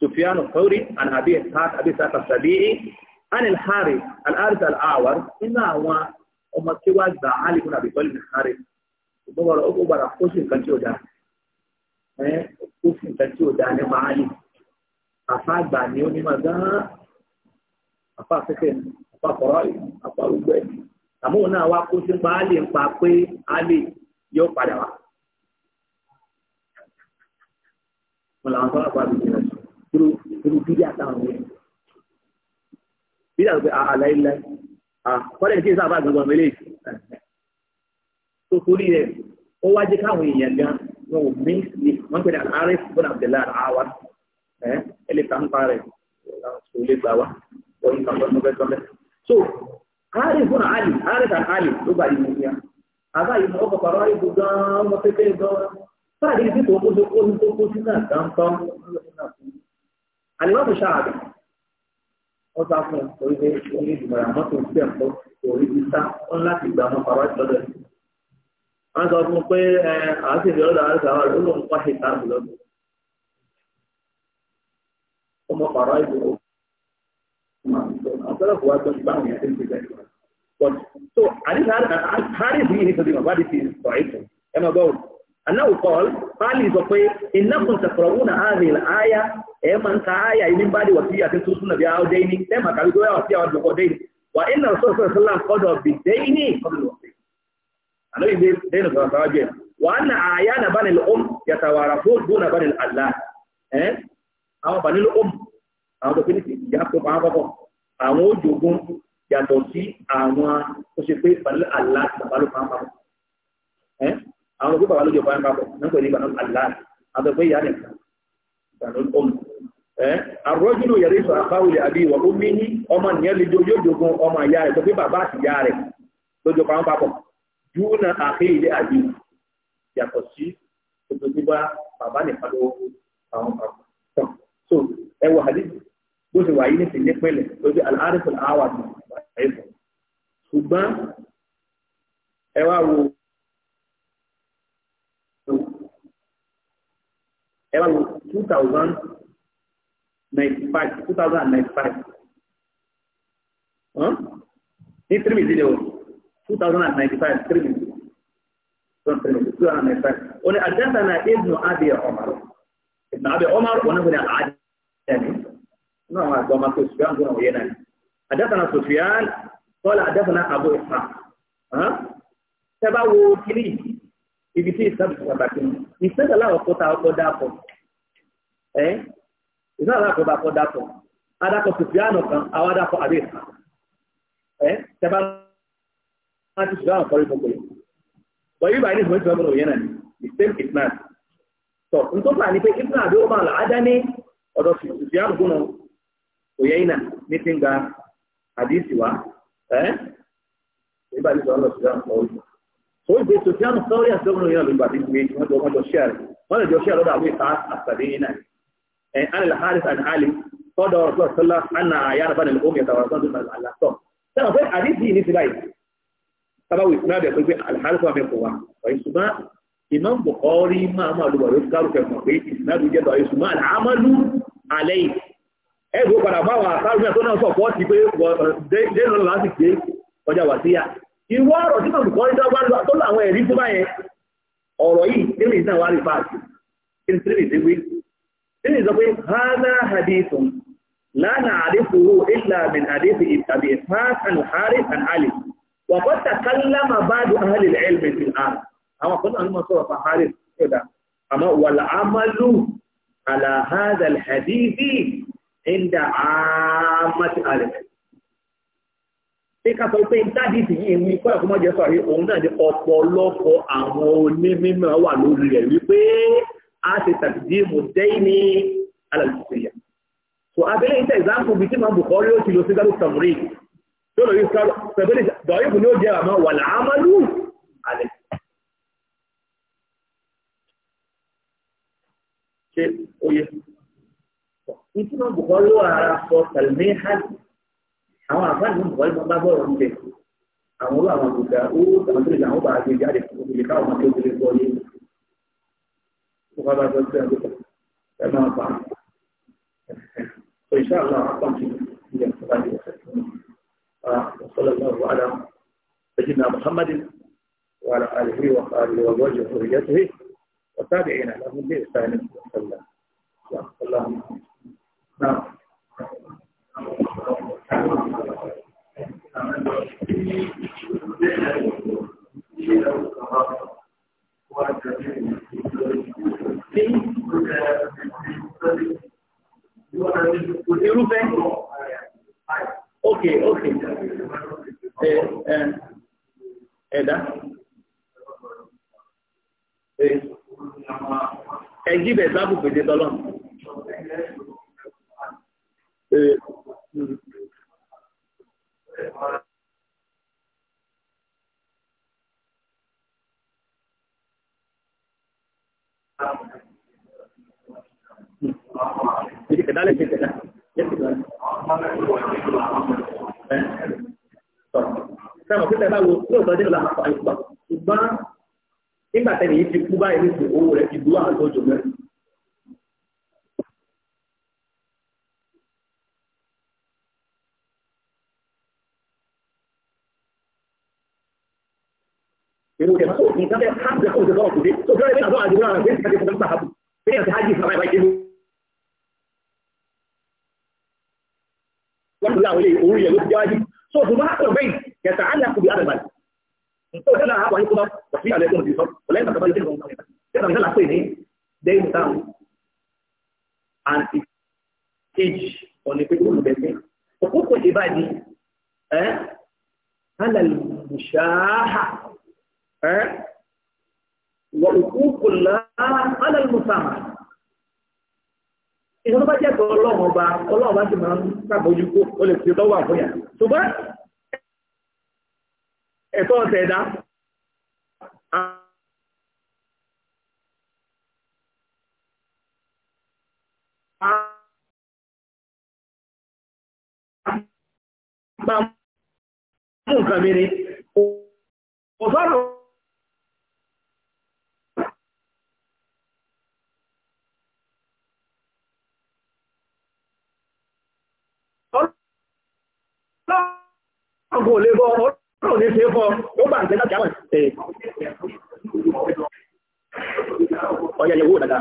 سفيان الثوري عن أبي إسحاق أبي إسحاق السبيعي عن الحارث الحارث الأعور إن هو أم كواز علي بن أبي طالب الحارث وبرا أبو برا خوش كان جودا ó sì nǹkan tí ò dáa nípa ààyè àfa àgbà ni ó ní máa gán àfa afẹ́fẹ́ àfa kọ̀rọ̀ àfa gbogbo ẹ̀ àmọ́ òun náà wá kó sípa àlè ń pa pé àlè yóò padà wá. wọn làwọn sọ́nà pa àbíyẹn rẹ̀ dúró dúró bídí àtàwọn yẹn bídí àgbẹ̀ àláìláì àkọ́lẹ̀ tí sábà gbọ̀ngàn mẹ́lẹ̀ tó rẹ̀ ó wá káwọn èèyàn gan-an wọn ò mí sí wọn pè ní al-Harith ibn Abdullah al-Awas ẹ ẹ lè tàn pa rẹ kò lè gbà wá wọn yìí so arif ibn Ali Harith ibn Ali ló bá yìí mú ya àbá yìí mọ̀ ọkọ̀ pàrọ̀ ayélujára gan-an ọmọ pépé gan-an fúnra kìí sí tòun kó tó kó ní tó kó sí náà dáńtán àlèmọ́ kò ṣáàbì wọ́n sá fún orílẹ̀-èdè ìgbìmọ̀ àmọ́ tó ń tẹ̀ ń tọ́ orí ti sá wọn láti gbà wọn pàrọ̀ ìtọ́jú wọ́n sọ fún pé ẹ àásì ìdíwọ́ lọ́dọ̀ àti àwọn ìlú ń pàṣẹ ìtàbí lọ́dọ̀ ọmọ pàrọ̀ ìdíwọ́ ọ̀pọ̀lọpọ̀ wa tó ń bá àwọn ìdíwọ́ ìdíwọ́ but so àdìsá àárín ìdíwọ́ ìdíwọ́ ìdíwọ́ bá di ti sọ ètò ẹ máa gbọ́ anáwó kọ́ọ̀l pálí sọ pé iná kun sàkọ̀rọ̀ wúna àárín àáyá ẹ̀ máa ń ka àáyá ilé bá di wàsíyà tí tó súnà bí i àwọn dẹ́yìn ní ẹ̀ máa kàwé tó yà wàsíyà wà lóko dẹ́yìn wà iná sọ̀rọ̀ sọ̀rọ̀ sọ̀rọ̀ kọ́dọ̀ bí dẹ́yìn ní ìkọlù annabi dai na sawa je wa anna ayana banil um yatawarafu duna banil allah eh àwọn banil um àwọn tó kini ti ya ko pa ko àwọn ojogun yàtọ̀ sí àwọn ó ṣe pé banil allah bàbá ló pa pa eh àwọn tó bàbá ló jọ pa pa na ko ni banil allah àwọn pé ya ni banil um eh arrojulu yarisu akawu li abi wa ummihi ọmọ nìyẹn lè jojogun ọmọ ìyá rẹ̀ tó pé bàbá àti ìyá rẹ̀ lójó pa pa pọ̀ dúnà àfẹ́ ilé àbí yàtọ̀ sí gbogbo tí bá bàbá nìkan lọ́wọ́ àwọn bàbá tán so ẹ wọ àdéhùn bó ṣe wà yí nísìnyí ní pẹ̀lẹ́ lórí aláàrẹ̀fọ̀ àwà tó wà ẹ̀fọ̀ ṣùgbọ́n ẹ wá wo ẹ wá wo two thousand ninety five two thousand ninety five ní three million. 2095 ترمذي قال حدثنا ابن ابي عمر عمر ونحن العدني نعم وما سفيان بن عيينة حدثنا سفيان قال حدثنا ابو اسحاق ها تبعوا كلي ibi tí ìsáàbù bàbá kí ni ìsáàbù aláwọ̀kọ́ ta ọkọ̀ dàpọ̀ ẹ́ ìsáàbù aláwọ̀kọ́ ta ọkọ̀ dàpọ̀ adakọ̀ sùfìànù kan àwọn adakọ̀ àbẹ̀ẹ́sà ẹ́ tẹ́bàá hata tukawa kwa hivyo kule kwa hivyo hadithi mwisho hapo yana ni same isnad so ntoka ni pe ibn abi umar al-adani odo sufyan kuno uyaina nitinga hadithi wa eh ibn abi umar al-adani kwa hivyo so ibn sufyan thawri asbabu yana ibn abi mimi watu wao share wala joshia roda abi ta asabina eh ana al-harith an alim qala rasul sallallahu alaihi wasallam anna ayar ban al-um yatawassadu al-asab sema kwa hadithi ni sibai tábàwò ìsúná bẹ̀ pé alhárùkù àfẹ́kọ̀ wa wàyí ṣùgbọ́n Imam Bukhari máa máa lùwà ló kárù fẹ́ mọ̀ pé ìsúná ló jẹ́ bàyí ṣùgbọ́n àmàlù alẹ́ yìí ẹgbẹ́ padà bá wà kárù tó náà sọ̀kọ́ ti pé dénú láti gbé ọjà wà síyà ìwọ ọ̀rọ̀ tí Imam Bukhari tó láwọn ẹ̀rí tó báyẹn ọ̀rọ̀ yìí nínú ìsìn àwọn àrífààsì kí ni ìdíwé nínú ìsọ pé hánà hadithun lánàá àdéfòrò ìlàmìn àdéfì ìtàbí ìfáàkàn hàrí àn alì wàkọ́ takallama ba'du ahli al-ilmi fil ard àwọn kan náà ló máa sọ̀rọ̀ fàhálì ṣọ̀dà àmọ́ wal amalu ala hadha al-hadithi inda amati ahli al-ilm. ṣé ká sọ pé tádìsì yìí mi kọ́ ẹ̀kọ́ mọ́jẹ́ sọ̀rí òun náà ní ọ̀pọ̀lọpọ̀ àwọn onímọ̀ wà lórí rẹ̀ wípé a ti tàbí mo ní alàlùfẹ́yà. so abẹ́lẹ́ ìtẹ̀ ìzáǹkù bíi tí màá bùkọ́rí ó ti lọ sí gálùfẹ́ lọ́nà yóò sáré pẹ̀lú dọ̀yìnbù ni ó jẹ́ àmọ́ wà láàmàlú alẹ́. ṣe oyè ìtumọ̀ bùkọ́lù ara sọ tàlmí hàn àwọn àfáàní bùkọ́lù máa bá bọ̀rọ̀ ń bẹ̀ àwọn olú àwọn àgùdà ó àwọn tó lè àwọn bá àgbè jáde òkèlè káwọn máa tó lè sọ yé bùkọ́lù àjọ sí àgùdà ẹ máa fà á. Inshallah, I'll come to you. سيدنا محمد وعلى آله وصحبه وزوجه وذريته والتابعين لهم بإحسان náà tó jù mẹ́rin. Irú ìjọba tó ní sábẹ́ káàbì kò jẹ́ lọ́wọ́ kùdé, tó fẹ́rẹ̀ bí àwọn àjùmọ̀ àwọn àgbẹ̀ ìpàdé fún àbù, bí àti hajj ìfàmà ìbá ìjẹ́lu. Wọ́n ti láwọn ilé òun yẹ̀ ló ti jáwájú. So, ṣùgbọ́n àtọ̀ bẹ́yìn, kẹta á ní àkùbí àdàbàdì. Nítorí náà àwọn àyíkú náà, wà sí àlẹ́kùn òdì sọ, ọ̀lẹ́yìn àtàbáyé Tẹ́lá mi náà lápè ní Dẹ́yìn Sáàmù àti Kéjì ọ̀nà ìpínlẹ̀ olùbẹ̀sẹ̀. Òkúkú ìbàdí ẹ́ hálà lùṣááhà ẹ́ wọ òkúkú hálà lùṣááhà. Ìjọba bá jẹ́ ọlọ́run ọba, ọlọ́run bá sì máa ń sàbójú kó o lè fi lọ́wọ́ àbúyà. Ṣùgbọ́n ẹ̀tọ́ ọ̀tẹ̀ ẹ̀dá bá mú nǹkan mi ni sọ́rọ̀ ọgbọ̀n lè bọ́ ọ̀rọ̀ ní ṣe fọ́ ó bá ń tẹ́ láti àwọn ẹ̀ ọ̀yẹ̀yẹ̀wò dada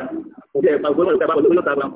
òjẹ́ ìpàgbọ́n ìpàgbọ́n ìpàgbọ́n